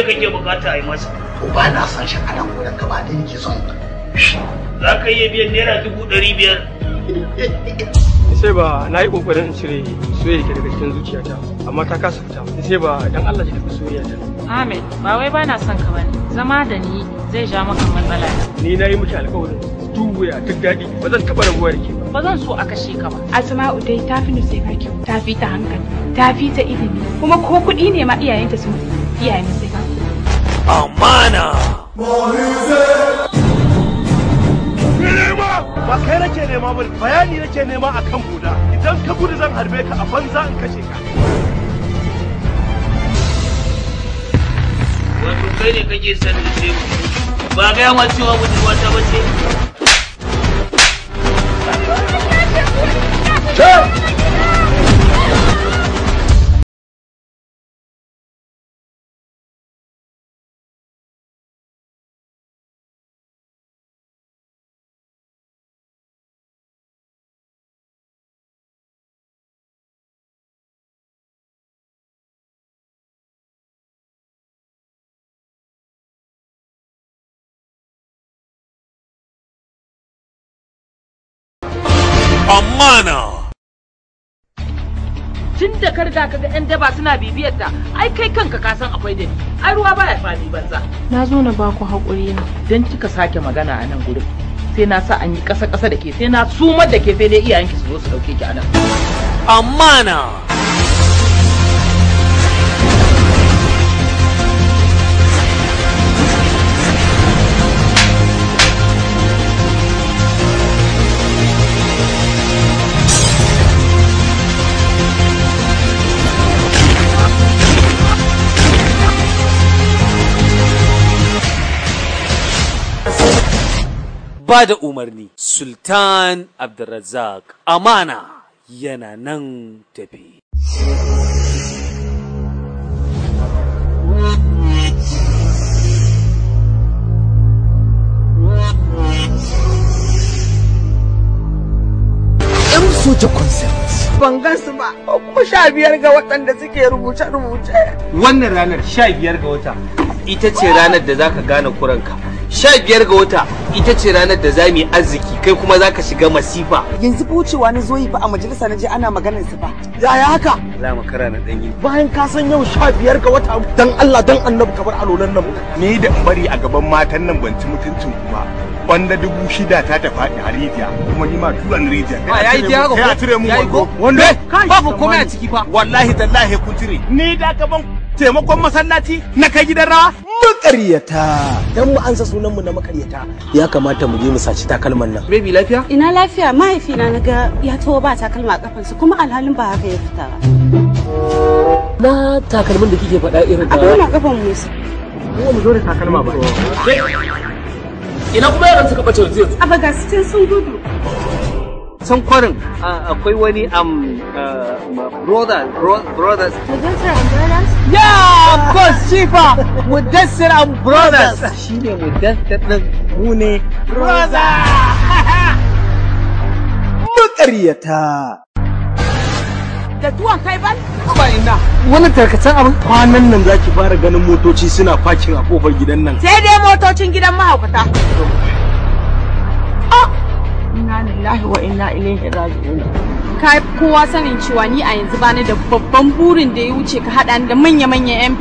me kake bukata a yi masa ko ba na san shi a nan wurin ba da nake son za ka iya biyan naira dubu ɗari biyar sai ba na yi kokarin in cire soyayya ke daga cikin zuciyata amma ta kasa fita sai ba dan Allah ki tafi soyayya ta ba wai ba na son ka bane zama da ni zai ja maka matsala ni na yi miki alƙawarin duwuya duk daɗi ba zan taɓa rabuwa da ke ba so a ka ba. Asma'u dai ta fi nusai ba ta fi ta hankali, ta fi ta kuma ko kuɗi ne ma iyayenta sun iyayen sai. amana ba kai nake nema ba bayani nake nema akan buda idan ka gudu zan harbe ka a banza in kashe ka wato kai ne kake sanin ce ba ga yawa cewa budurwa ta bace Sure. amana tun da kar da kaga yan daba suna bibiyar ta ai kai kanka ka san akwai dani ai ruwa baya fami banza na zo na baku haƙuri ne dan kika sake magana a nan gurin sai na sa an yi ƙasa ƙasa da ke sai na sumar da ke sai iyayenki su zo su ɗauke ki a nan amana ba da umarni Sultan Abdulrazak amana yana nan tafi. ‘Yan soja concept. Ban gansu ba, kuma sha biyar ga watan da suke rubuce-rubuce. Wannan ranar sha biyar ga wata ita ce ranar da za ka gane kuranka. sha biyar ga wata ita ce ranar da za mu yi arziki kai kuma za ka shiga masifa yanzu bucewa na zo yi fa a majalisa na je ana maganar su fa yaya haka la makara na danyi bayan ka san yau sha biyar ga wata dan Allah dan annabi kabar alolan nan ni da bari a gaban matan nan ban ci mutuncin ku ba wanda dubu shida ta tafi a rijiya kuma ni ma turan rijiya kai ya yi ko ya tire mu wando eh, ba ku komai a ciki fa wallahi tallahi ku tire ni da gaban taimakon masallaci na kai gidan rawa maƙaryata dan mu ansa sunanmu na makaryata ya kamata mu je mu saci takalman nan baby lafiya ina lafiya mahaifina na ga ya tawo ba takalma a kafansa kuma alhalin ba haka ya fita ba na takalmin da kike faɗa irin da akwai na kafan musu ko mu zo da takalma ba ina kuma yaran suka bace yanzu abaga sun gudu san kwarin akwai wani am um, uh, brother brothers mudassir and brothers yeah of course shifa mudassir and brothers ne mudassir din mu ne brother makaryata. Da tuwon kai ban? Ba ina. Wani tarkacen abin kwanan nan za ki fara ganin motoci suna fakin a kofar gidan nan. Sai dai motocin gidan mahaukata. inna lillahi wa inna ilaihi raji'un ka kowa sanin cewa ni a yanzu bani da babban burin da ya wuce ka haɗa da manya manya yan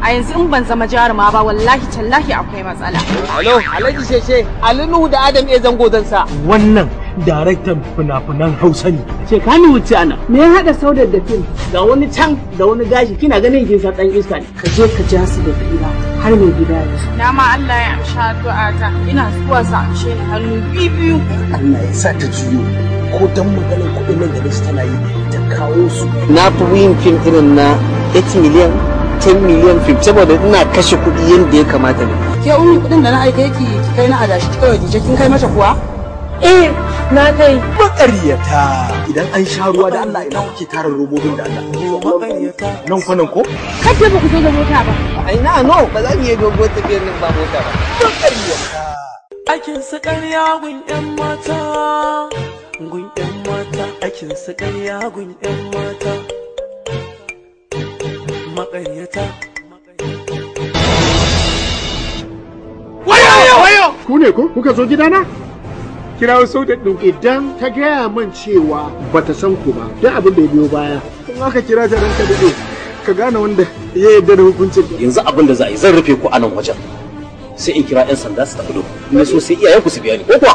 a yanzu in ban zama jaruma ba wallahi tallahi akwai matsala alo alhaji sheshe ali nuhu da adam e zango zan sa wannan daraktan fina-finan hausa ne. Shekani wuce ana. Me ya haɗa saudar da fim? Ga wani can da wani gashi kina ganin kin sa ɗan iska ne. Ka je ka ja su da fira har mai gida ya zo. Na ma Allah ya amsha addu'a ta. Ina zuwa sa amshe ni hannu biyu. Allah ya sa ta juyo. Ko dan maganar kuɗin nan da tana yi ta kawo su. Na fi yin fim irin na 8 miliyan 10 miliyan fim saboda ina kashe kuɗi yadda ya kamata ne. Ke umi kuɗin da na aike ki kai na adashi kawai ki kin kai mata kuwa? eh na kai maƙaryata idan an sha ruwa da Allah ina kuke tara robobin da Allah nan kwanan ko kada ba ku zo da mota ba ai na no ba za mu yi dogo tafiyar nan ba mota ba maƙaryata akin su ƙarya gun ƴan mata gun ƴan mata akin su ƙarya gun ƴan mata maƙaryata Ku ne ku? Kuka zo gidana? kirawo sojan ɗin idan ta gaya man cewa ba ta san ku ba duk abin da ya biyo baya kuma aka kira ta ranka daɗe ka gane wanda ya yarda da hukuncin yanzu abin da za a yi zan rufe ku a nan wajen sai in kira 'yan sanda su tafi da ku na so sai ku su biya ni ko kuwa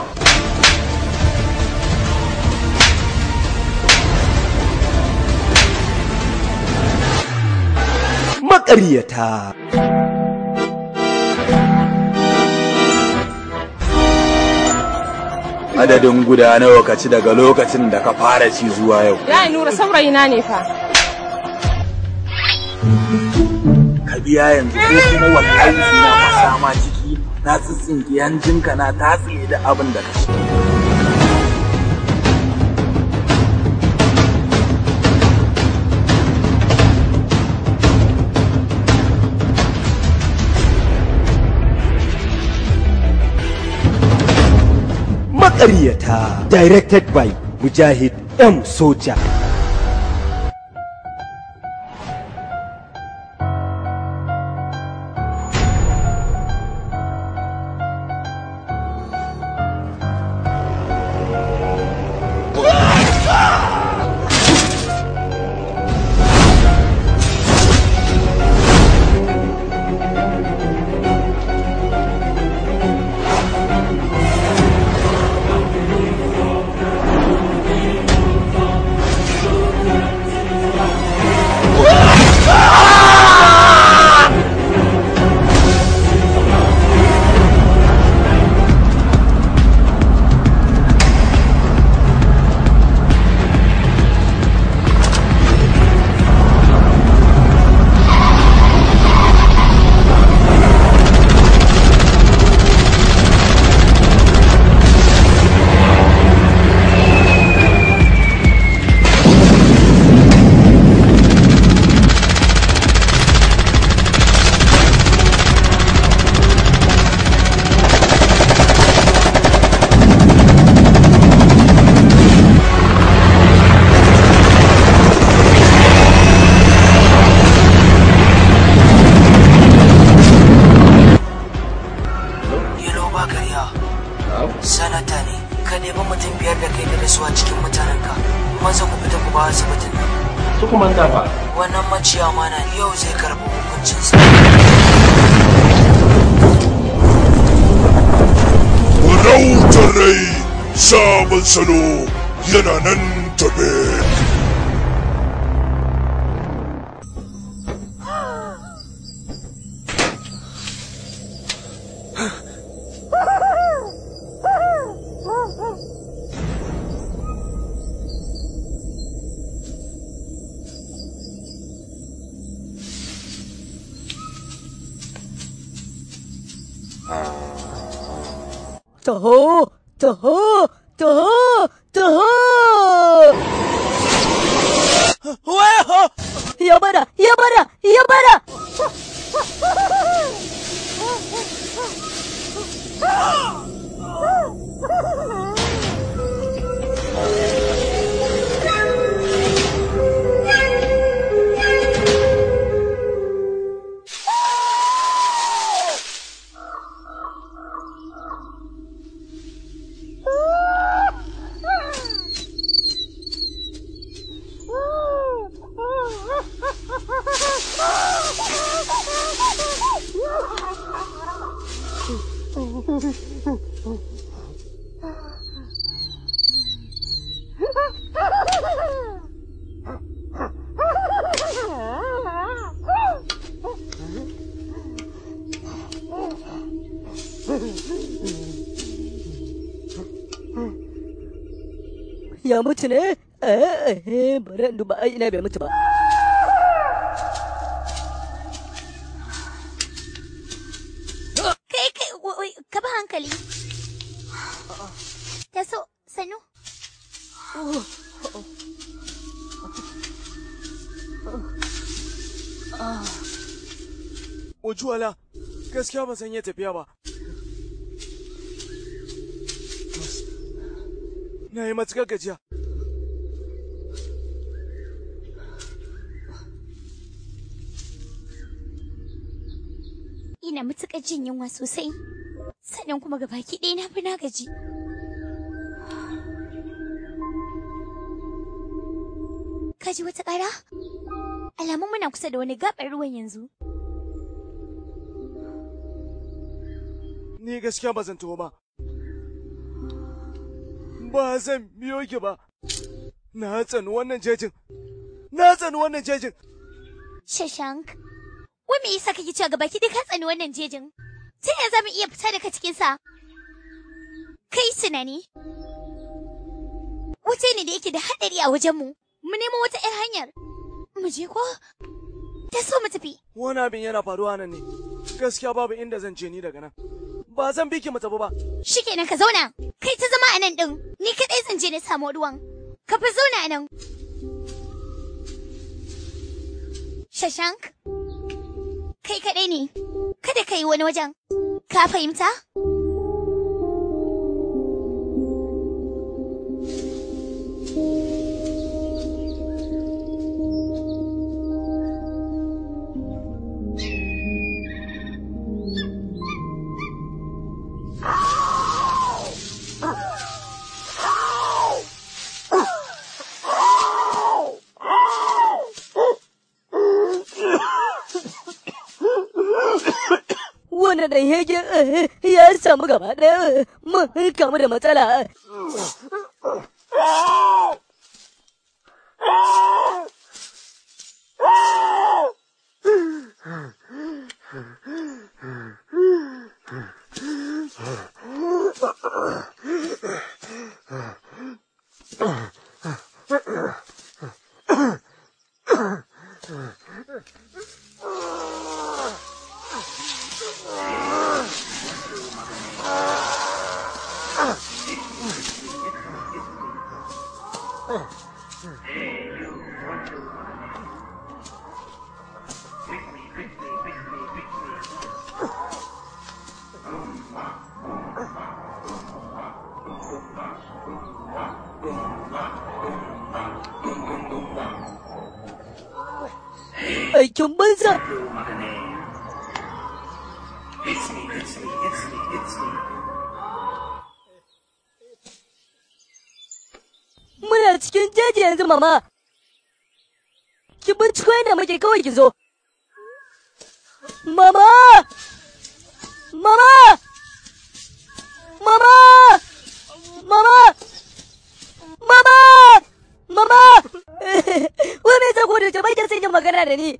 maƙaryata adadin guda nawa ka ci daga lokacin da ka fara ci zuwa yau ya nura saurayina ne fa ka biya yanzu ko kuma wallahi na fasa ma ciki na tsitsinke hanjinka na tatsile da abin da ka shi. maƙaryata directed by mujahid m soja ya mutu ne eh, eh bari in duba ai ina bai mutu ba kai kai ka ba hankali ta so sanu Ojuwala, gaskiya ban san ya tafiya ba, na yi matuƙar gajiya ina matuƙar jin yunwa sosai sannan kuma ga baki ɗaya na fi na gaji kaji wata ƙara alamun muna kusa da wani gaɓar ruwan yanzu ni gaskiya ba zan taho ba Ba zan biyo ki ba. Na tsani wannan jejin. Na tsani wannan jejin. Shashank, wai me yasa kake cewa gaba ki ka tsani wannan jejin? Ta yaya za mu iya fita daga cikinsa? Kai tunani. Wuce ne da yake da haɗari a wajenmu? Mu nemo wata 'yar hanyar. Mu je ko? Ta so mu tafi. Wani abin yana faruwa nan ne. Gaskiya babu inda zan je ni daga nan. ba zan bi ki mu tafi ba. Shikenan ka zauna, kai ta zama a nan ɗin, ni kaɗai zan je na samu ruwan. Ka fi zauna a nan. Shashank, kai kaɗai ne, kada ka yi wani wajen, ka fahimta? もがまれ、もう、かまれまたら。Ugh. aikin banza Muna cikin jeji yanzu mama. Ki binciko yadda muke kawai ki zo. Mama! Mama! Mama! Mama! Mama! Mama! Wai me zai gode ce bai kin magana da ni?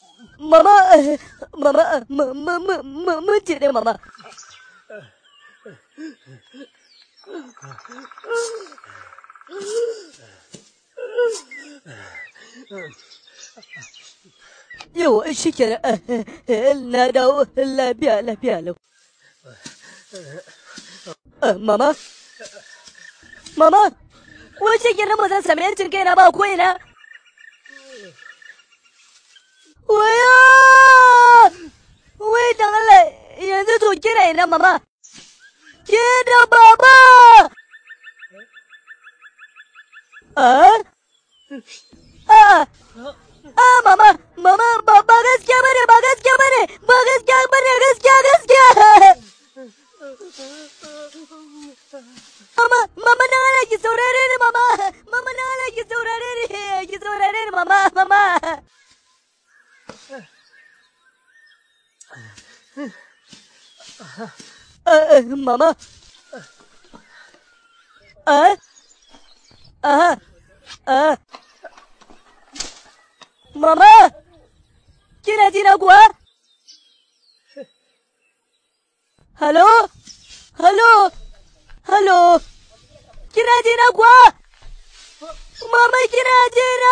മമ മമ മമ്മച്ചിയുടെ മമ يو شكرا لا دو لا بيا لا بيا لو ماما ماما وشكرا مدرسة من كينا باكوينا 我呀，我等来人都吐进来了，妈妈，接着爸爸。啊啊啊！妈妈，妈妈，爸爸干什么呢？爸干什么呢？爸干什么呢？干什么？干什么？Mama, mama ne ala ki sorarır mama. Mama ne ala ki sorarır. Ki sorarır mama, mama. ماما ماما كي نادينا هلو هلو هلو كي نادينا ماما كي نادينا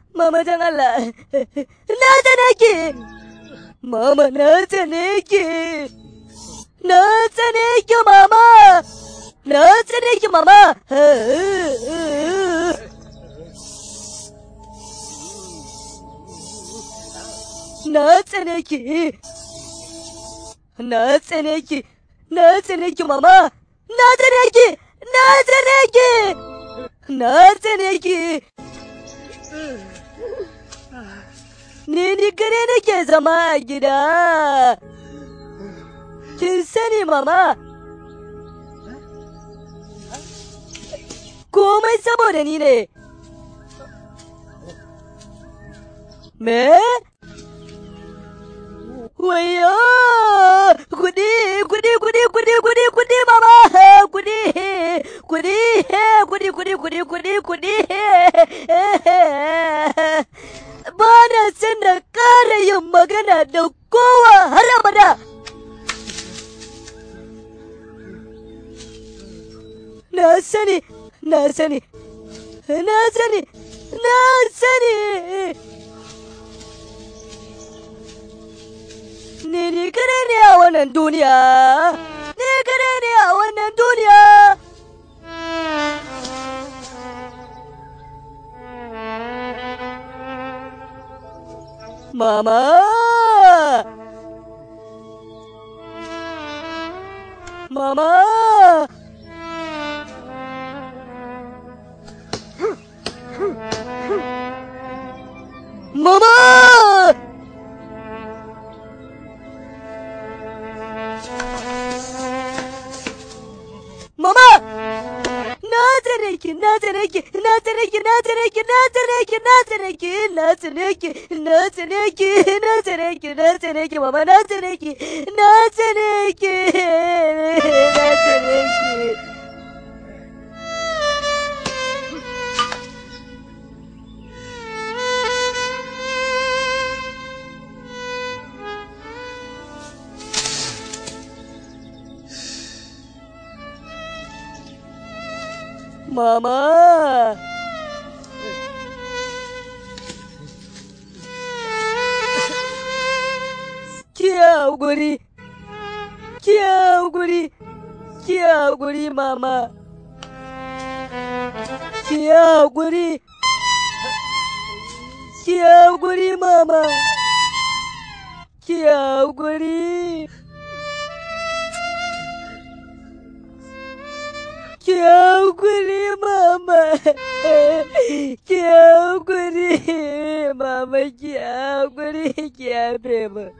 Mama canavarlar. Nerede ki? Mama nerede ki? Nerede ki mama? Nerede ki mama? Nerede ki? Nerede ki? Nerede ki mama? Nerede ki? Nerede ki? Nerede ki? Nerede Negi? Ni ni nake zama a gida. Kin sani mama? Komai saboda ni ne. Me? wayo Kudi, kudi, kudi, kudi, kudi, kudi, baba Kudi! Kudi, kudi, kudi, kudi, kudi, kudi! Eh. Bana na kare ƙara yin magana da kowa har abada na sani na sani na sani na sani ni keren ya wannan duniya ni keren ya wannan duniya mama mama mama Nasıl nasıl nasıl ki, ki, natereki, natereki, natereki, nasıl natereki baba natereki, natereki, ki, Mama. mamar. Tchau, é guri. Tchau, é guri, mama. Tchau, é guri. Tchau, guri, mama. Tchau, guri, mama. Tchau, guri. Tchau, prima.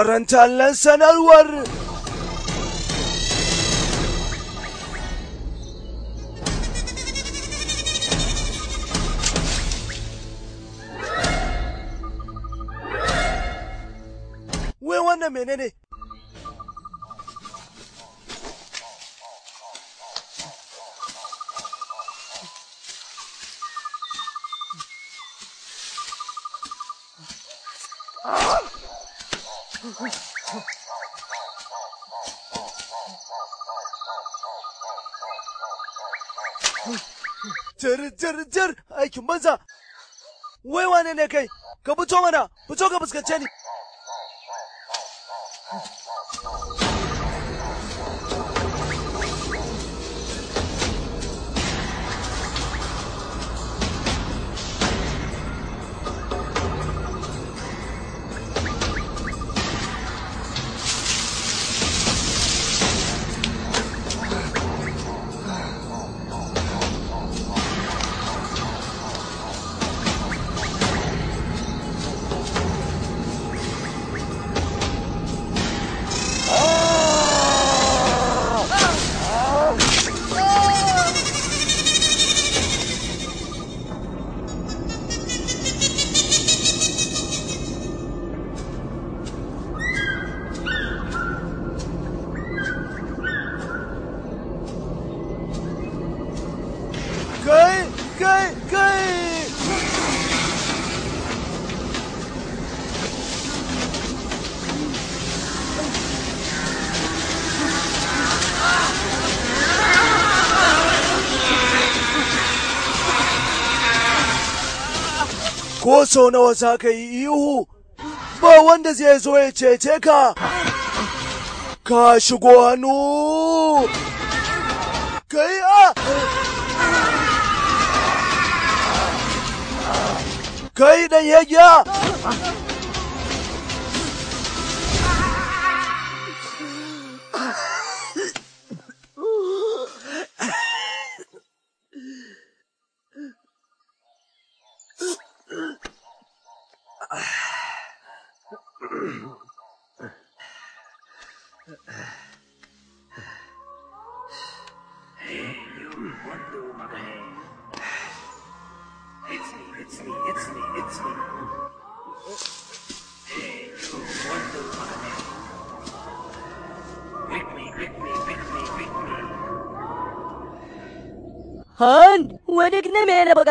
karanta sanarwar aikin banza wai wane ne kai ka fito mana fito ka fuskance ni so nawa za ka yi ihu ba wanda zai zo ya cece ka ka shigo hannu ka a ka yi ɗan yagiya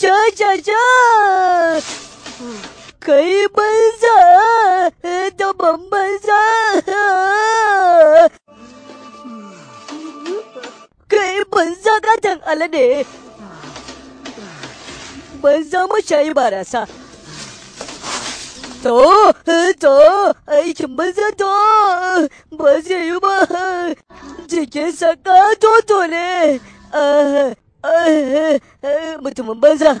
Sha-sha-sha! Kai banza banza! banza alade! Banza barasa! To, to, aikin banza ba zai jikinsa ne. Ah, 무슨 반사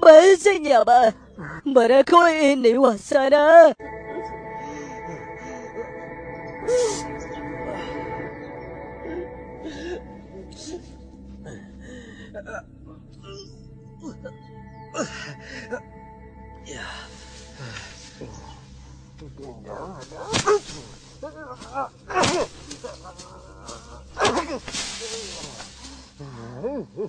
반사냐봐 말하고 내 왔잖아 Oh,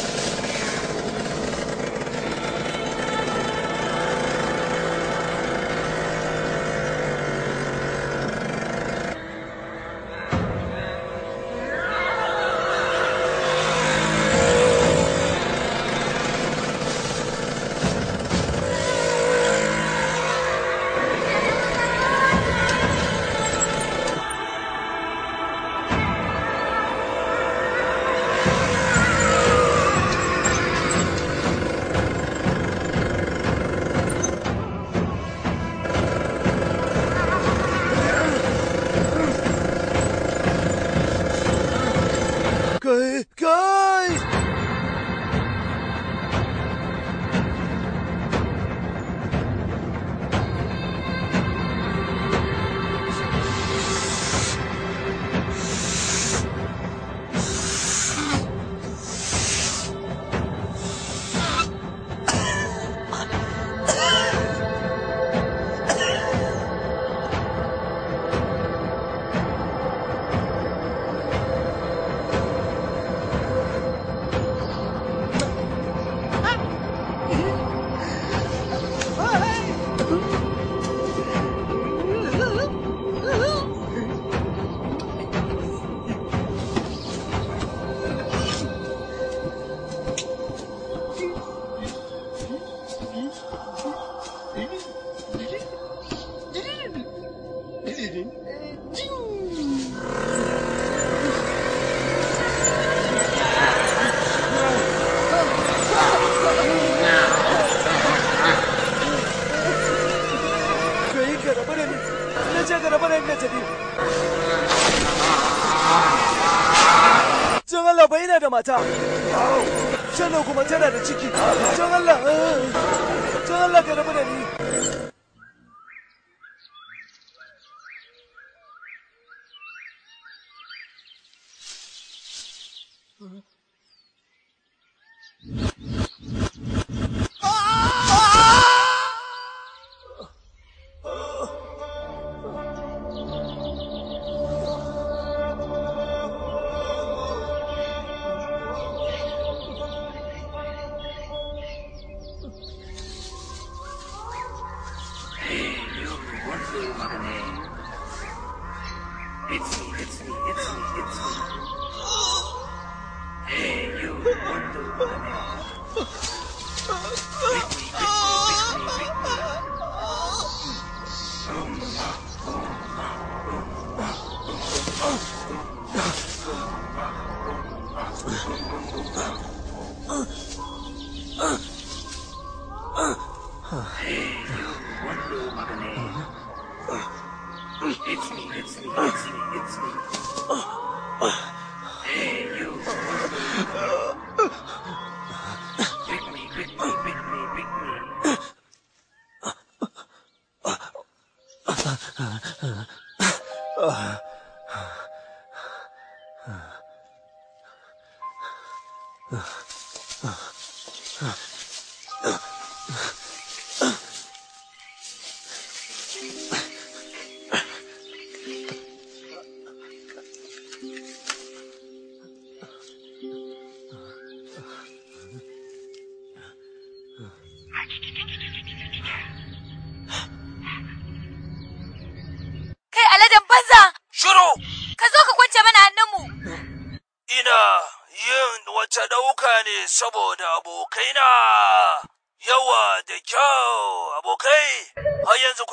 da mata sannan kuma tana da ciki can Allah can eh, Allah ka rabu da ni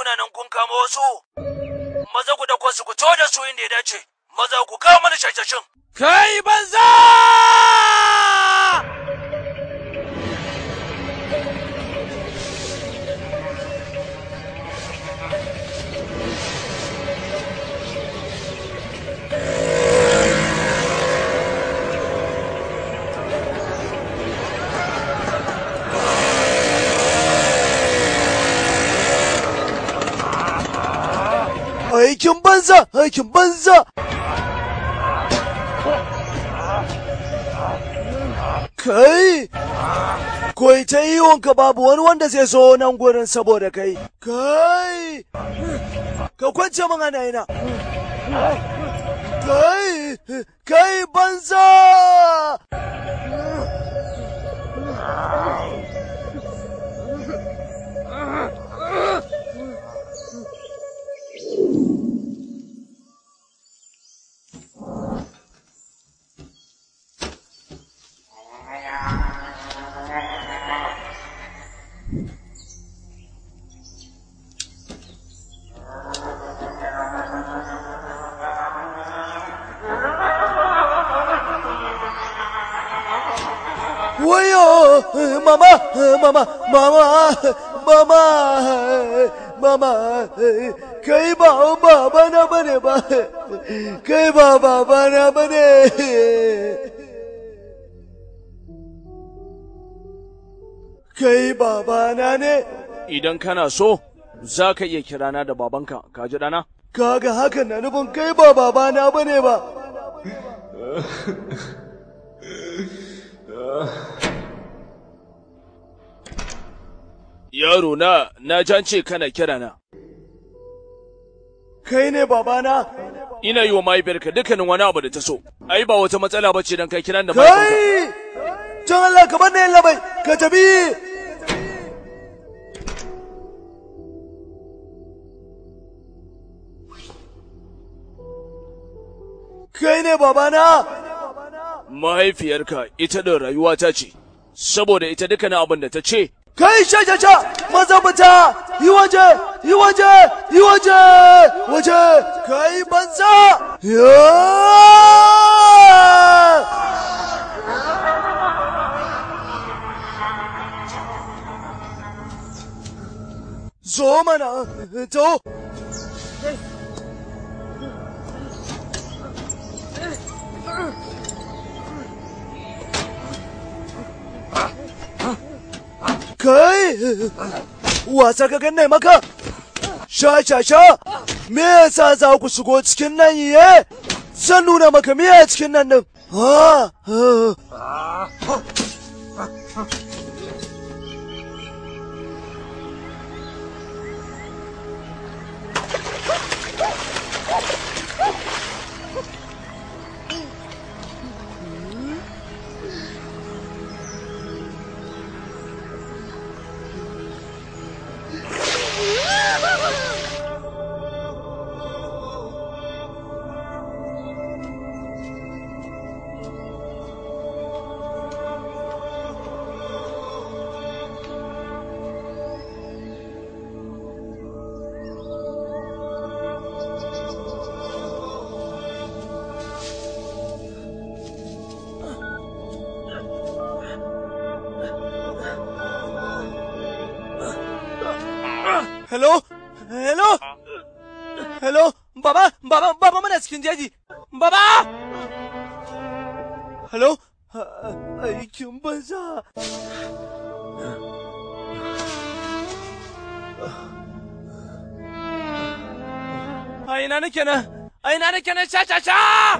kuna nan kun kama wasu maza ku dako su ku to da su inda ya dace maza ku kawo mana shashashin kai banza aikin banza aikin banza kai koi ta yi wanka babu wani wanda zai zo nan gurin saboda kai kai ka kwance min ana yana kai kai banza mama mama mama mama mama kai ba baba na bane ba kai ba baba na bane kai baba na ne idan kana so za ka iya kirana da babanka ka ji dana kaga hakan na nufin kai ba babana bane ba Yaro na, na jance kana kira na. Kai ne babana? Ina yi wa mahaifiyarka dukkanin wani abu da ta so. Ai ba wata matsala ba ce don kai kiran da mahaifiyarka. Kai! Can Allah ka bar yin labai, ka tafi! Kai ne babana? Mahaifiyarka ita da rayuwata ce, saboda ita dukkanin abin da ta ce, 可以下下下，马上不差，一万千，一万千，一万千，我去，可以不差。哟！这么难，走。哎。哎。啊。Kai! Wasa ka ganne maka? Sha sha sha! Me yasa za ku shigo cikin nan ye? Zan nuna maka me cikin nan din. Ha! Ah! Hello? Hello? Ah. Hello? Baba? Baba? Baba muna cikin jeji. Baba! Hello? Aikin banza. A ina nake nan? A ina nake nan sha sha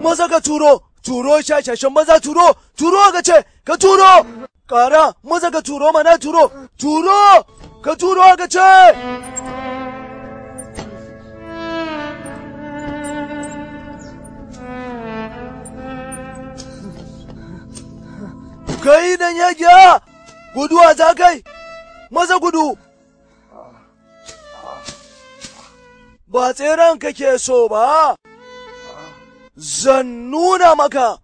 Maza ka turo, turo sha sha maza turo, turo ka ce, ka turo! Ƙara, maza ka turo mana turo, turo, ka turo ka ce! kai nan gudu guduwa za kai maza gudu ba tseren kake so ba zan nuna maka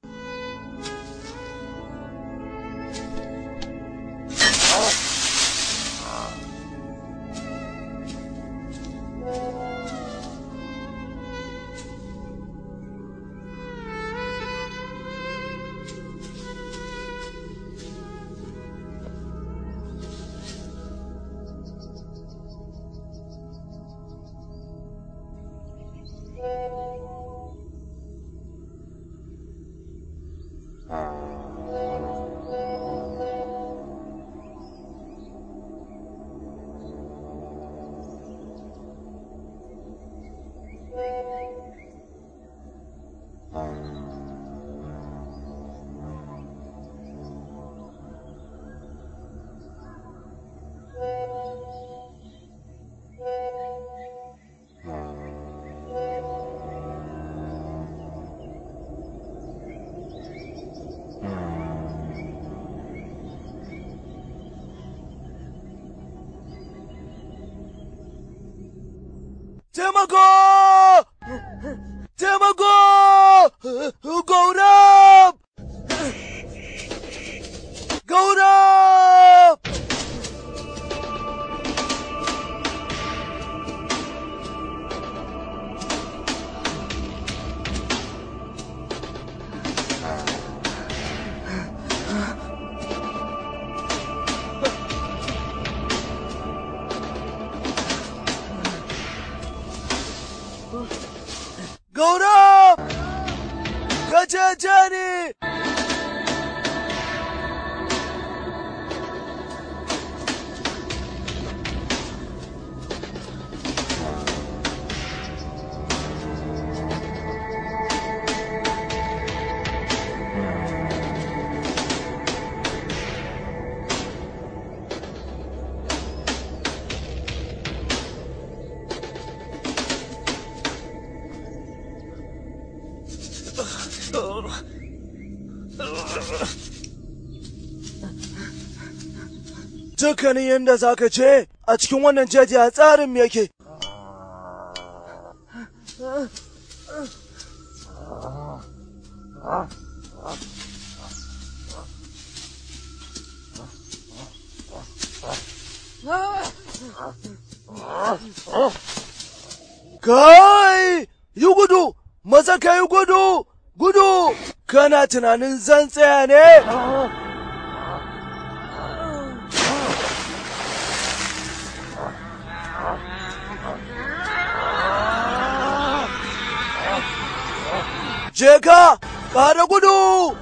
dukkanin yadda za ka ce a cikin wannan jeji a tsarin yake. Kai, yi gudu, maza ka yi gudu, gudu, kana tunanin zan tsaya ne? je ka ƙara gudu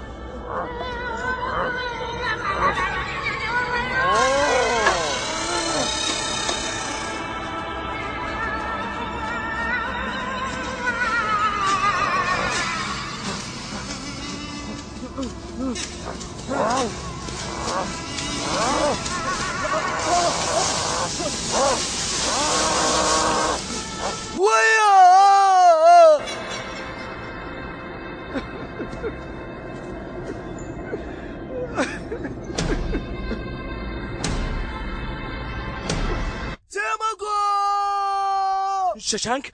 Shashank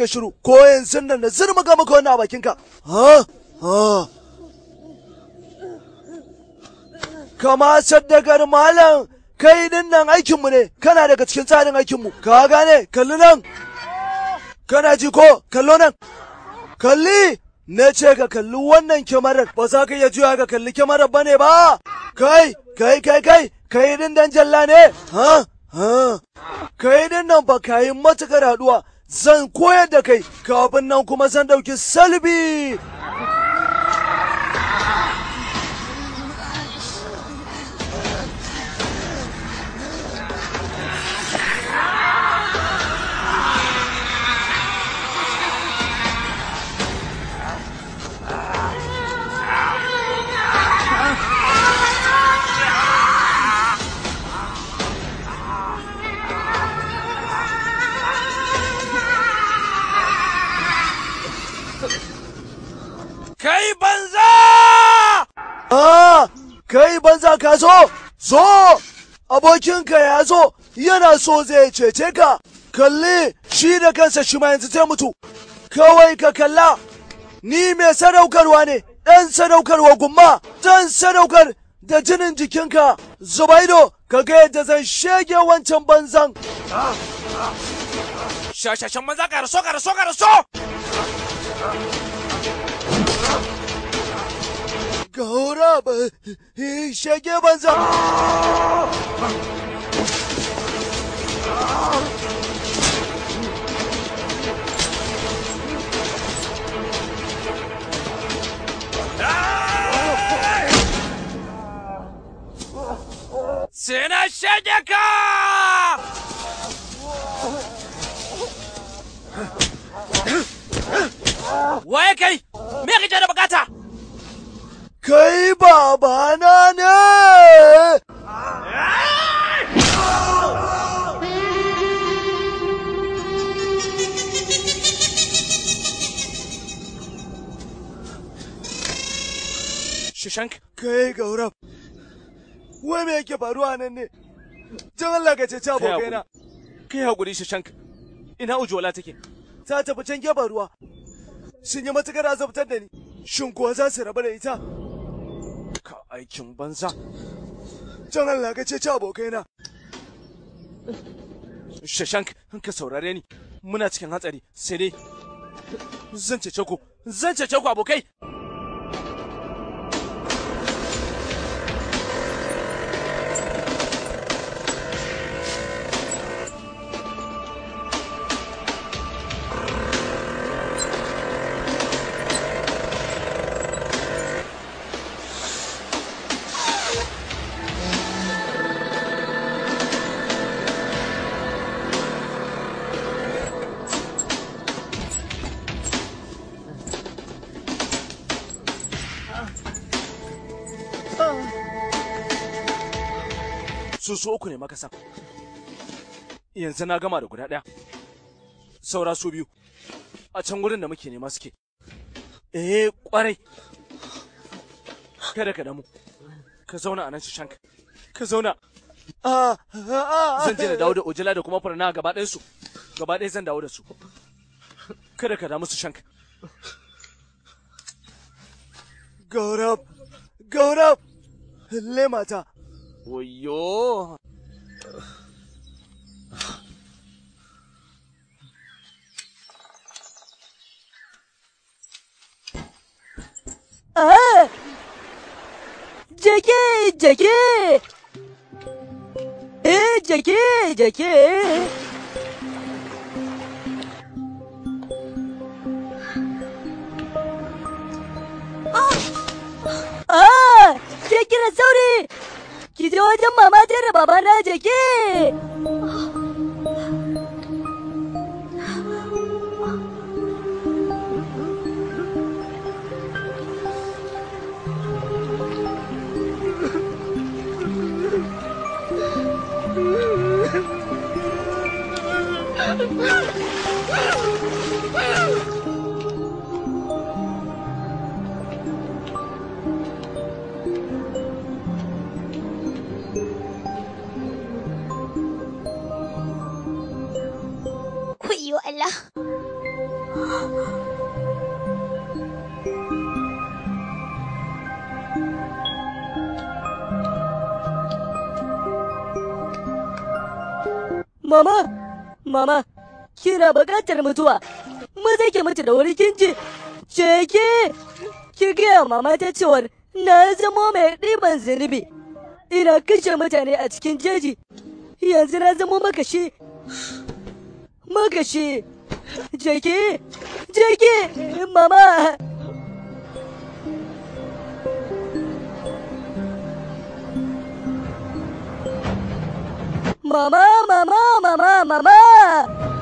kai shiru ko yanzu nan da zan maka maka wannan a bakinka ha ha kama sadakar malam kai din nan aikinmu ne kana daga cikin tsarin aikinmu ka gane kalli nan kana ji ko kallo nan kalli na ce ka kalli wannan kyamarar ba za ka iya juya ka kalli kyamarar ba ne ba kai kai kai kai kai din dan jalla ne ha ha kai din nan ba ka yi matukar haduwa zan koyar da kai kafin nan kuma zan ɗauki salbi kai banza! Ah, kai banza ka zo, zo, abokinka ya zo, yana so zai cece ka, kalli shi da kansa shi ma yanzu zai mutu, kawai ka kalla, ni mai sadaukarwa ne, ɗan sadaukarwa gumma, ɗan sadaukar da jinin jikinka, Zubaido, ka ga yadda zan shege wancan banzan. Ah, ah. Shashashan banza ka raso, ka raso, ka raso! Gaura ba, shege banza. Sai na shege ka! Waye kai? Me da bukata? kai babana ne! Shushank? Kai Gaurab, wai me yake faruwa nan ne? Jan Allah ka cece abokaina. Kai haƙuri shishank. ina Ujola take? Ta tafi can gefen ruwa. Shin yi matuƙar azabtar da ni, shin kuwa za su raba da ita? aikin banza can Allah ka ce ci abokaina shashank ka saurare ni muna cikin hatsari sai dai zan cece ku zan cece ku abokai su uku ne makasa. yanzu na gama da guda ɗaya saura su biyu a can gurin da muke nema suke eh kwarai kada ka damu ka zauna a nan shi shanka ka zauna zan je da dawo da ojila da kuma furna gaba ɗayan su gaba ɗaya zan dawo da su kada ka damu su shanka gaurab gaurab lemata Oyo! Ah! Jake, Jake! Eh, Jake, Jake! Ah! ah! sauri! 기도하던 마마들을 마마라제게 Ah! 了。Mama, mama, kina buƙatar mutuwa. Maza ki mutu da wuri kinji. Ceke, ki gaya mama ta cewar na zamo mai ɗiban zunubi. Ina kashe mutane a cikin jeji. Yanzu na zamo makashi. Magashi! Jackie! Jackie! Mama! Mama, mama, mama, mama!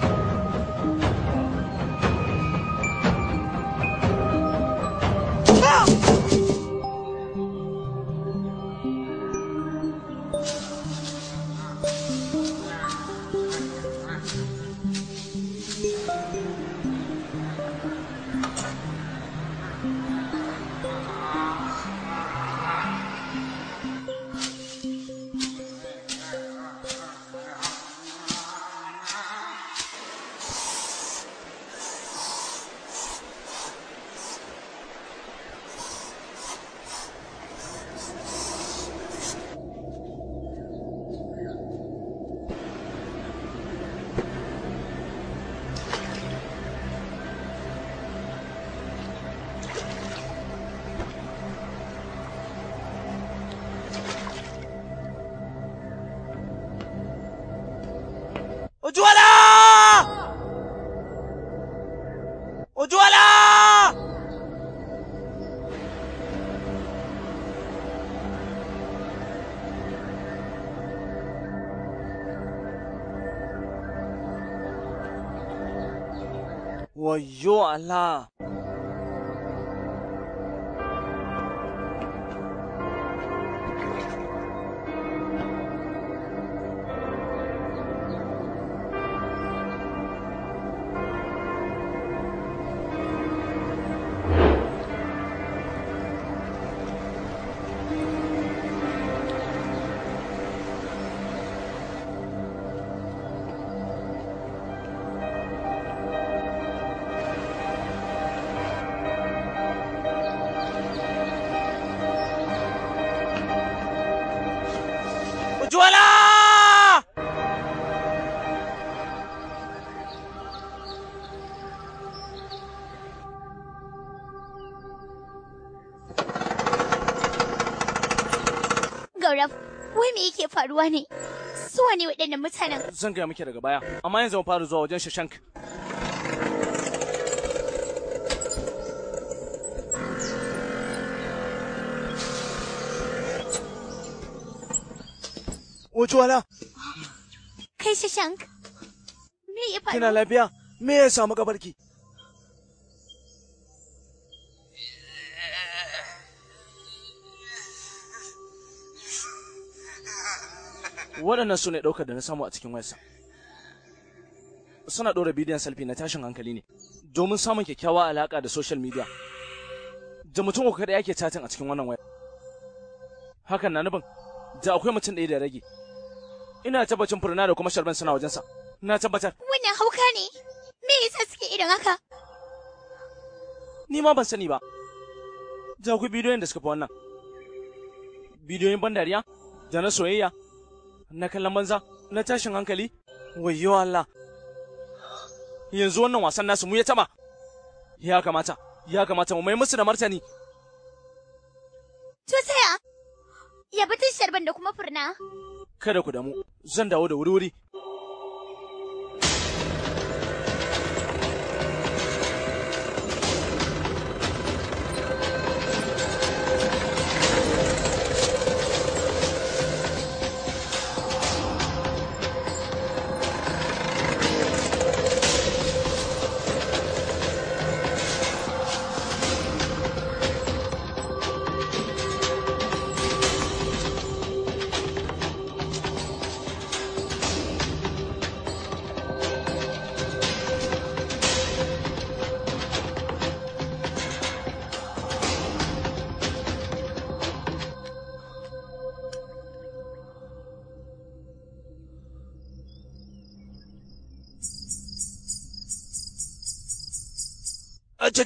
faruwa ne? Su ne waɗannan mutanen? Zan gaya muke daga baya, amma yanzu mu fara zuwa wajen Shashank. Wace wala? Kai Shashank, me ya faru? Kina lafiya? Me ya samu gabarki? waɗannan su ne ɗaukar da na samu a cikin wayarsa suna ɗora bidiyon selfie na tashin hankali ne domin samun kyakkyawa alaƙa da social media da mutum uku kaɗai yake chatting a cikin wannan waya hakan na nufin da akwai mutum ɗaya da rage ina tabbacin furna da kuma sharban suna wajensa na tabbatar wannan hauka ne me yasa suke irin haka ni ma ban sani ba da akwai bidiyon da suka fi wannan bidiyoyin ban dariya da na soyayya na kallon banza na tashin hankali wayo Allah yanzu wannan wasan nasu mu ya taba ya kamata ya kamata mu mai musu da martani to saya ya batun sharban da kuma furna kada ku damu zan dawo da wuri wuri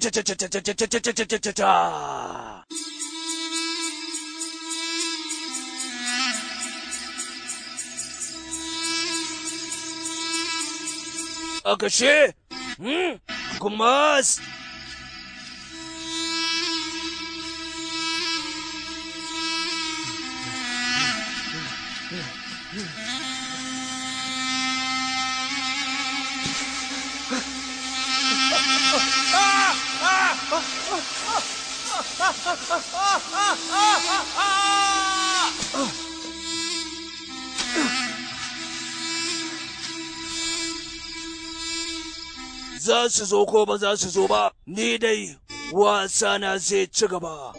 Ta-ta-ta-ta-ta-ta-ta-ta-ta-ta-ta-ta-ta! Akashi? Hmm? Gumas? Za su zo ko ba za su zo ba, ni dai wasa na zai ci gaba.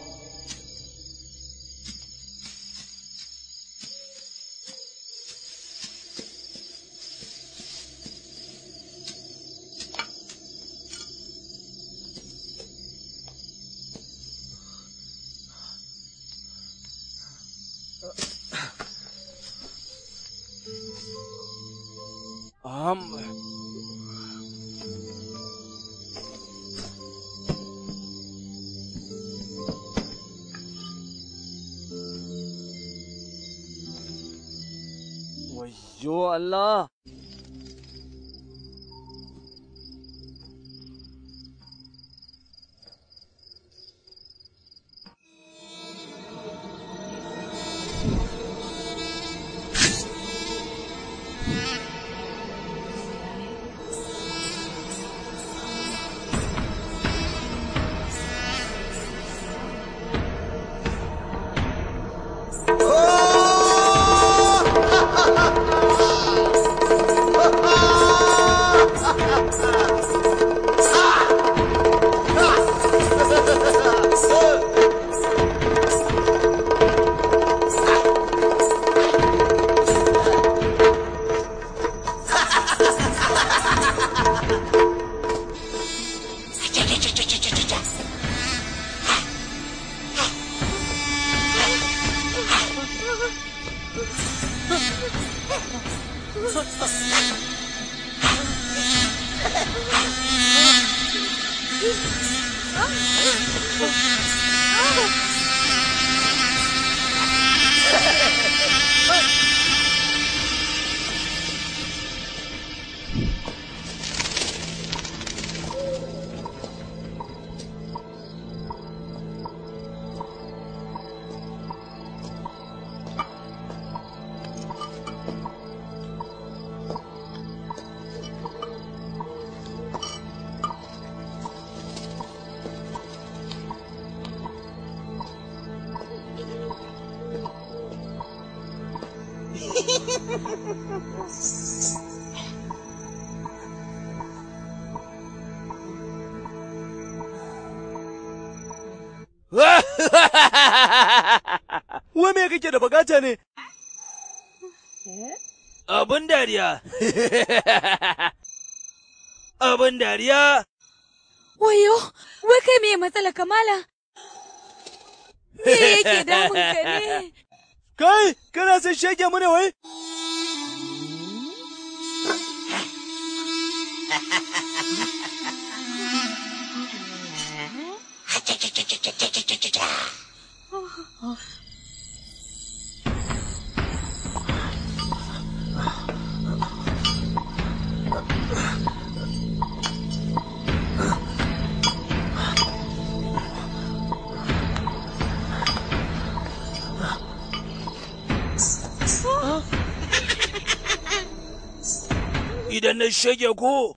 na shage ku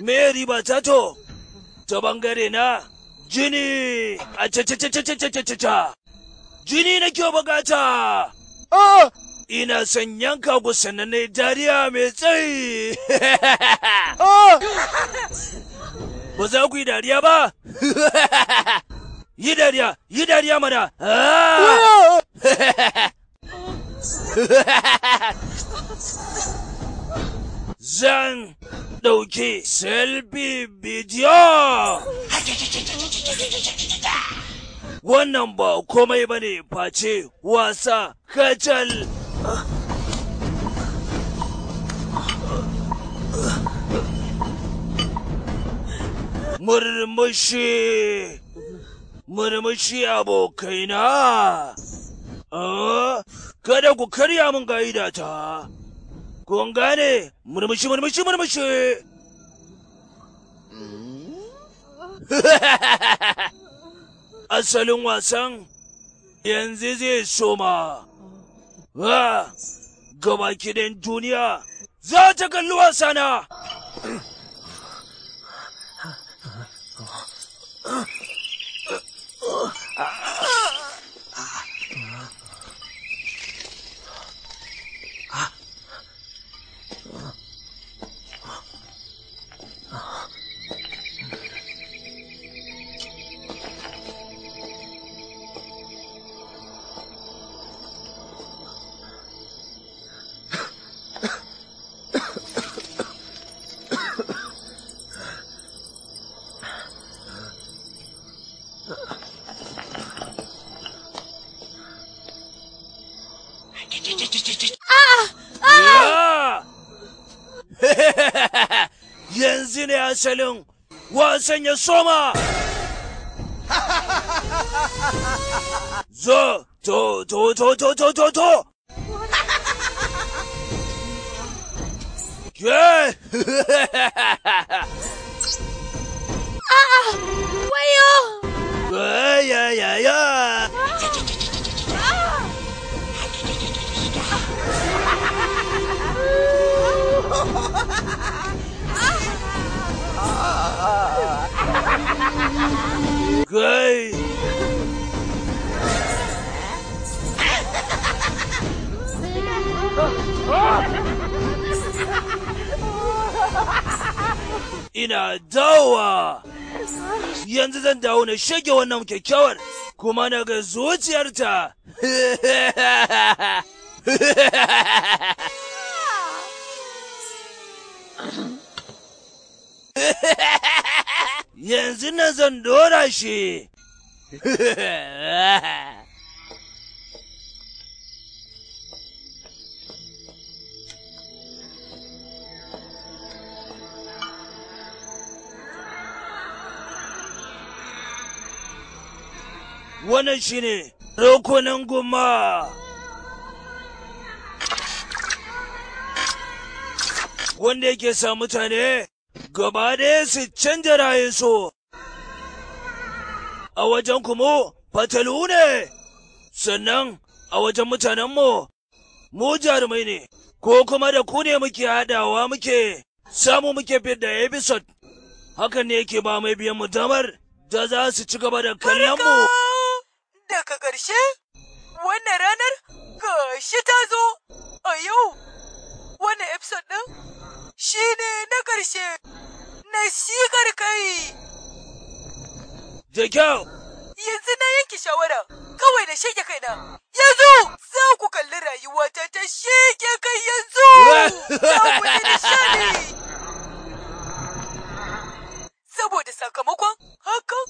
Mary riba ta to bangare na jini a ca jini na nake bukata oh! ina son yanka ku sannan dariya mai tsayi oh! ba za ku yi dariya ba yi dariya yi dariya mana ah! zan ɗauki selfie bidiyo. Wannan ba komai ba ne face wasa kacal. Murmushi, murmushi abokaina. Ah, kada ku karya min ga'ida ta. kun gane murmushi murmushi murmushi asalin wasan yanzu zai soma gaba kidan duniya za ta kalli wasana Ah! 限量，我圣人说嘛，走走走走走走走，耶，啊，欢迎，哎呀呀呀。Kai! Ina dawa! Yanzu zan dawo na shage wannan kyakkyawar kuma naga zuciyarta. yanzu na zan dora shi. Wannan shi ne rokunan guma. Wanda yake sa mutane gaba ɗaya su canja rayunsu a wajen kuma fatalu ne sannan a wajen mutanenmu mu jarumai ne ko kuma da ku ne muke haɗawa muke samu muke fidda episode hakan ne yake ba mai biyan mu damar da za su ci gaba da kallon mu daga ƙarshe wannan ranar gashi ta zo a yau wannan episode ɗin shi ne na ƙarshe na shigar kai. Da kyau. Yanzu na yanke shawara kawai da kai kaina. Yanzu za ku kalli rayuwata ta shige kai yanzu. Saboda sakamakon hakan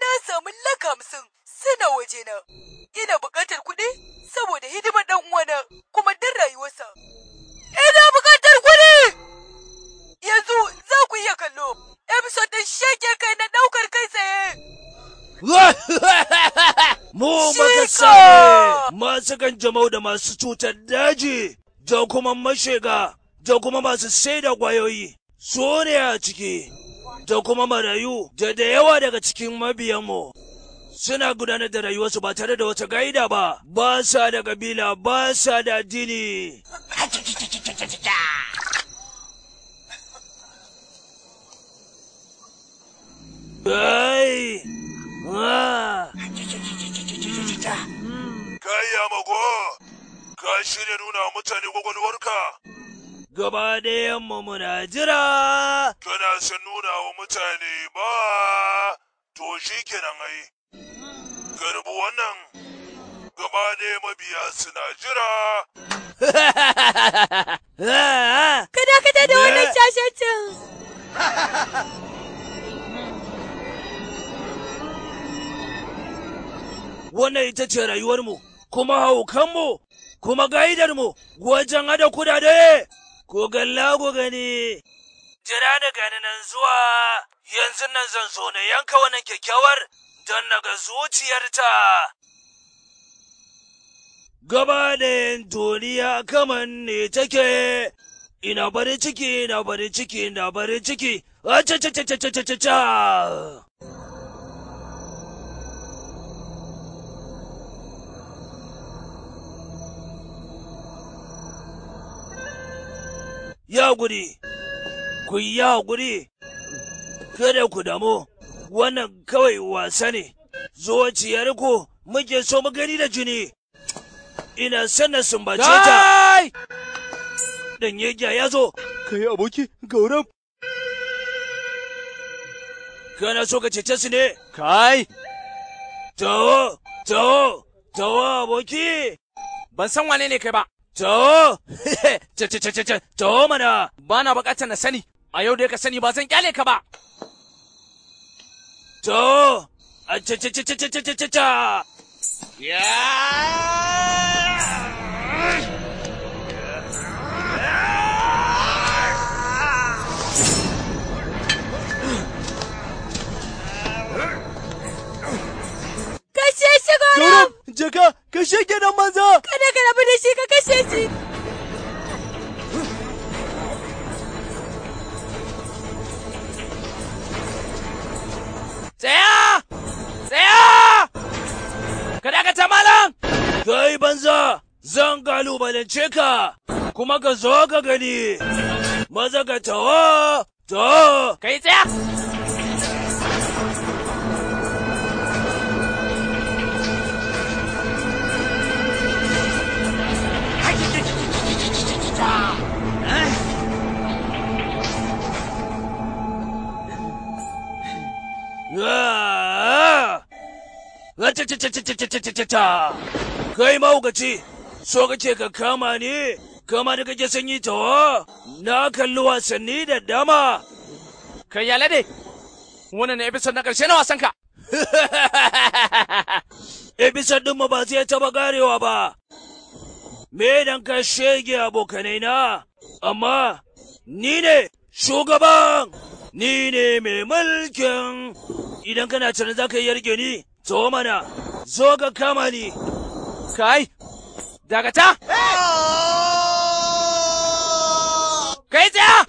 na samu laka hamsin suna na. Ina buƙatar kuɗi saboda hidimar ɗan uwana kuma dan rayuwarsa. Ina buƙatar Yanzu za ku iya kallo episode ɗin shege kai na ɗaukar kai tsaye. Mu makasa ne masu kan jamau da masu cutar daji da kuma mashega da kuma masu sai da kwayoyi ne a ciki da kuma marayu da da yawa daga cikin mabiyanmu. suna gudanar da rayuwarsu ba tare da wata gaida ba ba sa da kabila ba sa da addini Kai yamago, ka shirya nuna wa mutane gwagwalwarka. Gaba ɗayan mu muna jira. Kana son nuna wa mutane ba, to shi kenan ai. Garbu wannan gaba ɗaya mabiya suna jira. Ka dakata da wannan shashancin. Eh? wannan ita ce rayuwarmu kuma haukanmu kuma gaidarmu wajen hada kudade ko galla ku gani jira da gani nan zuwa yanzu nan zan so na yanka wannan kyakkyawar don naga zuciyarta gaba da duniya kaman ne take ina bari ciki ina bari ciki ina bari ciki a cha cha cha cha cha cha. ya guri, ku ya guri, kada ku damu, wannan kawai wasa ne, ku muke so mu gani da jini. Ina sun sumbace ta. Dan yegya ya zo. Kai aboki, gauram. Kana so ka cece su ne? Kai! Tawo, tawo, tawo aboki! Ban san wane ne kai ba. To, ce ce to mana ba na bukatar na sani, a yau da ka sani ba zan kyale ka ba. To, a ce ce ce ce ce Kashe nan maza! Kada ka rabu da shi ka kashe shi! Tsaya! Tsaya! Ka tamalan Kai banza! Zan kalubalance ka! Kuma ka zo ka gani! Maza ka tawa Taho! Kai tsaya! Kai mahaukaci, so kake ka kama ne, kama da kake sanyi tawa, na kalli wasanni da dama. Kai yale dai, wannan episode na ƙarshe na wasan wasanka. Episode ɗinmu ba zai taɓa garewa ba. Me dan ka shege abokanai na, amma ni ne shugaban. ni ne mai mulkin idan kana cire za ka yi yarge ni zo mana zo ka kama ni kai dakata kai tsaya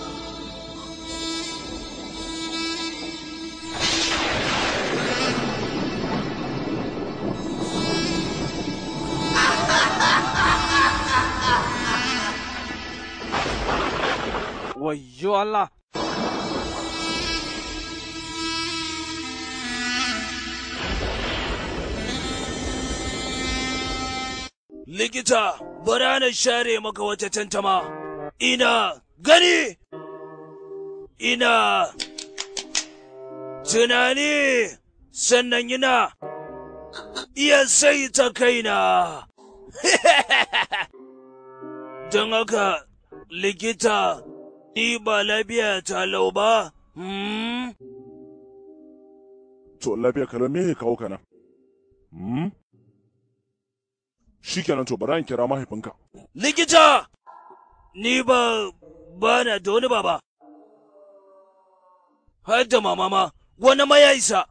Wayyo Allah, Likita, bara na share maka wata tantama. Ina gani, ina tunani, sannan ina iya saita kaina. Don haka, likita, ni ba lafiya ta lau ba? Hmm? To, lafiya kalau ya kawo kana? Hmm? shikenan to bari an kira mahaifinka likita ni ba bana na da wani baba har da mama ma wani ma ya isa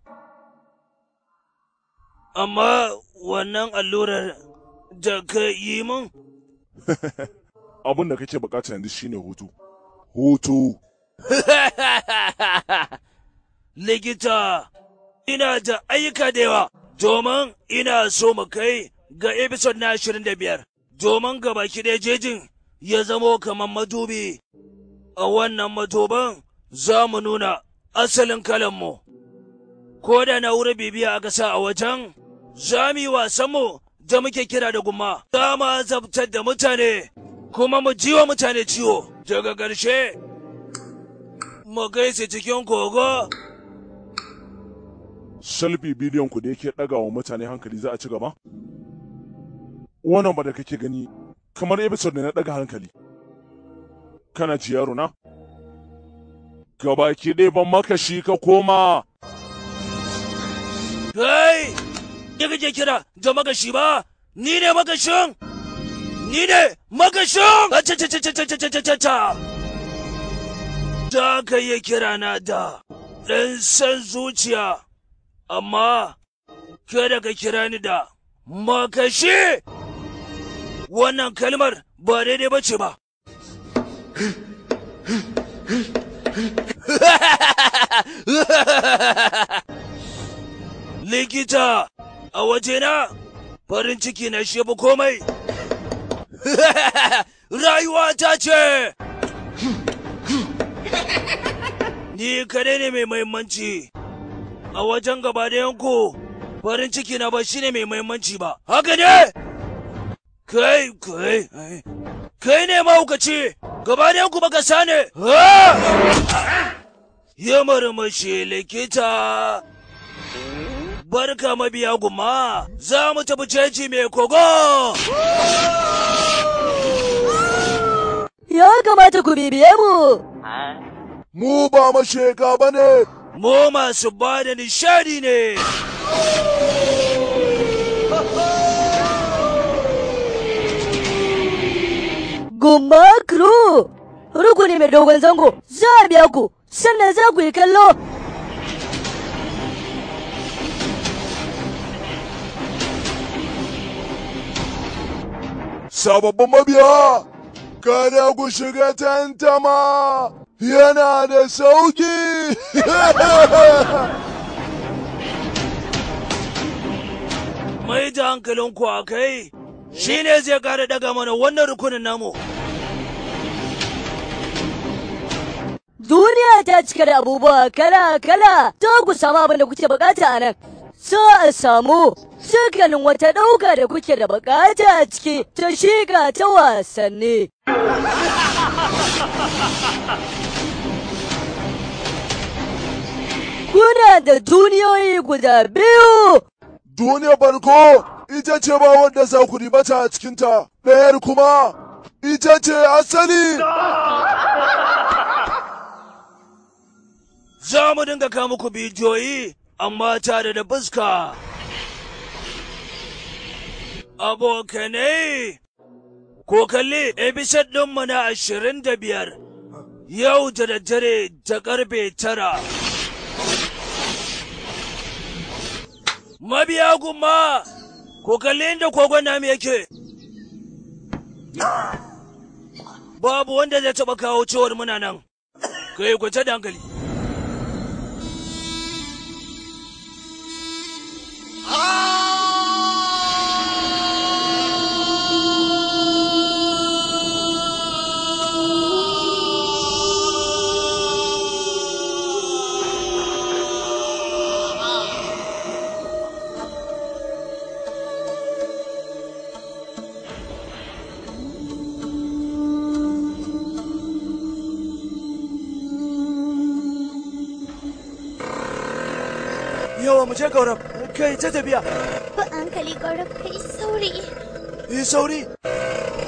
amma wannan allurar da ka yi min abin da kake bukata yanzu shine hutu hutu likita ina da ayyuka da yawa domin ina so mu kai ga episode na 25 domin gaba ɗaya jejin ya zamo kamar madubi. A wannan matoban za mu nuna asalin kalanmu. Ko da na wuri bibiya a sa a wajen, za mu yi wasanmu da muke kira da gumma. Za mu azabtar da mutane, kuma mu jiwa mutane ciwo. Daga ƙarshe, mu su cikin kogo. salbi bidiyon ku da yake ɗaga wa mutane hankali za a ci gaba? wannan ba da kake gani kamar episode ne na daga hankali kana ji yaro na gabaki ɗaya ban maka shi ka koma kai da kake kira da magashi ba ni ne magashin ni ne magashin ta da ka yi kira na da ɗan san zuciya amma kada ka kira ni da makashi wannan kalmar ba daidai ba ce ba. Likita a wajena farin ciki na shebu komai. Rayuwa ta ce! Ni kadai ne mai mahimmanci a wajen gaba da yanku farin ciki na ba shi ne mai mahimmanci ba. Haka ne! kai kai kai ne mahaukaci gaba ku baka ne? ya marmashi likita barka mabiya guma za mu tafi jeji mai kogo ya kamata ku bibiye mu mu ba sheka ba ne mu masu ba da nishadi ne Gumba Rukuni mai dogon zango za a biya ku sannan za ku yi kallo. Sababbin mabiya, kada ku shiga tantama yana da sauki. mai da hankalinku a kai shi ne zai kara daga mana wannan rukunin namu. Duniya ta cika da abubuwa kala-kala, ta ku samu abin da kuke bukata a nan. a samu dukkanin wata ɗauka da kuke da bukata a ciki ta shiga ta wasanni. Kuna da duniyoyi guda biyu. Duniya barko ita ce ba wanda za ku ribata a cikinta, ɗayar kuma ita ce asali. za mu dinga kawo muku bidiyoyi amma tare da fuska. Abokanai, ko kalli episode ɗinmu na ashirin da biyar yau da daddare ta ƙarfe tara. Mabiya gumma, ko kalli inda kogon namu yake. Babu wanda zai taɓa kawo cewar muna nan, kai kwace da dankali. Yo, muchachos, kai ta tafiya. Ba hankali gara kai sauri. Eh, sauri?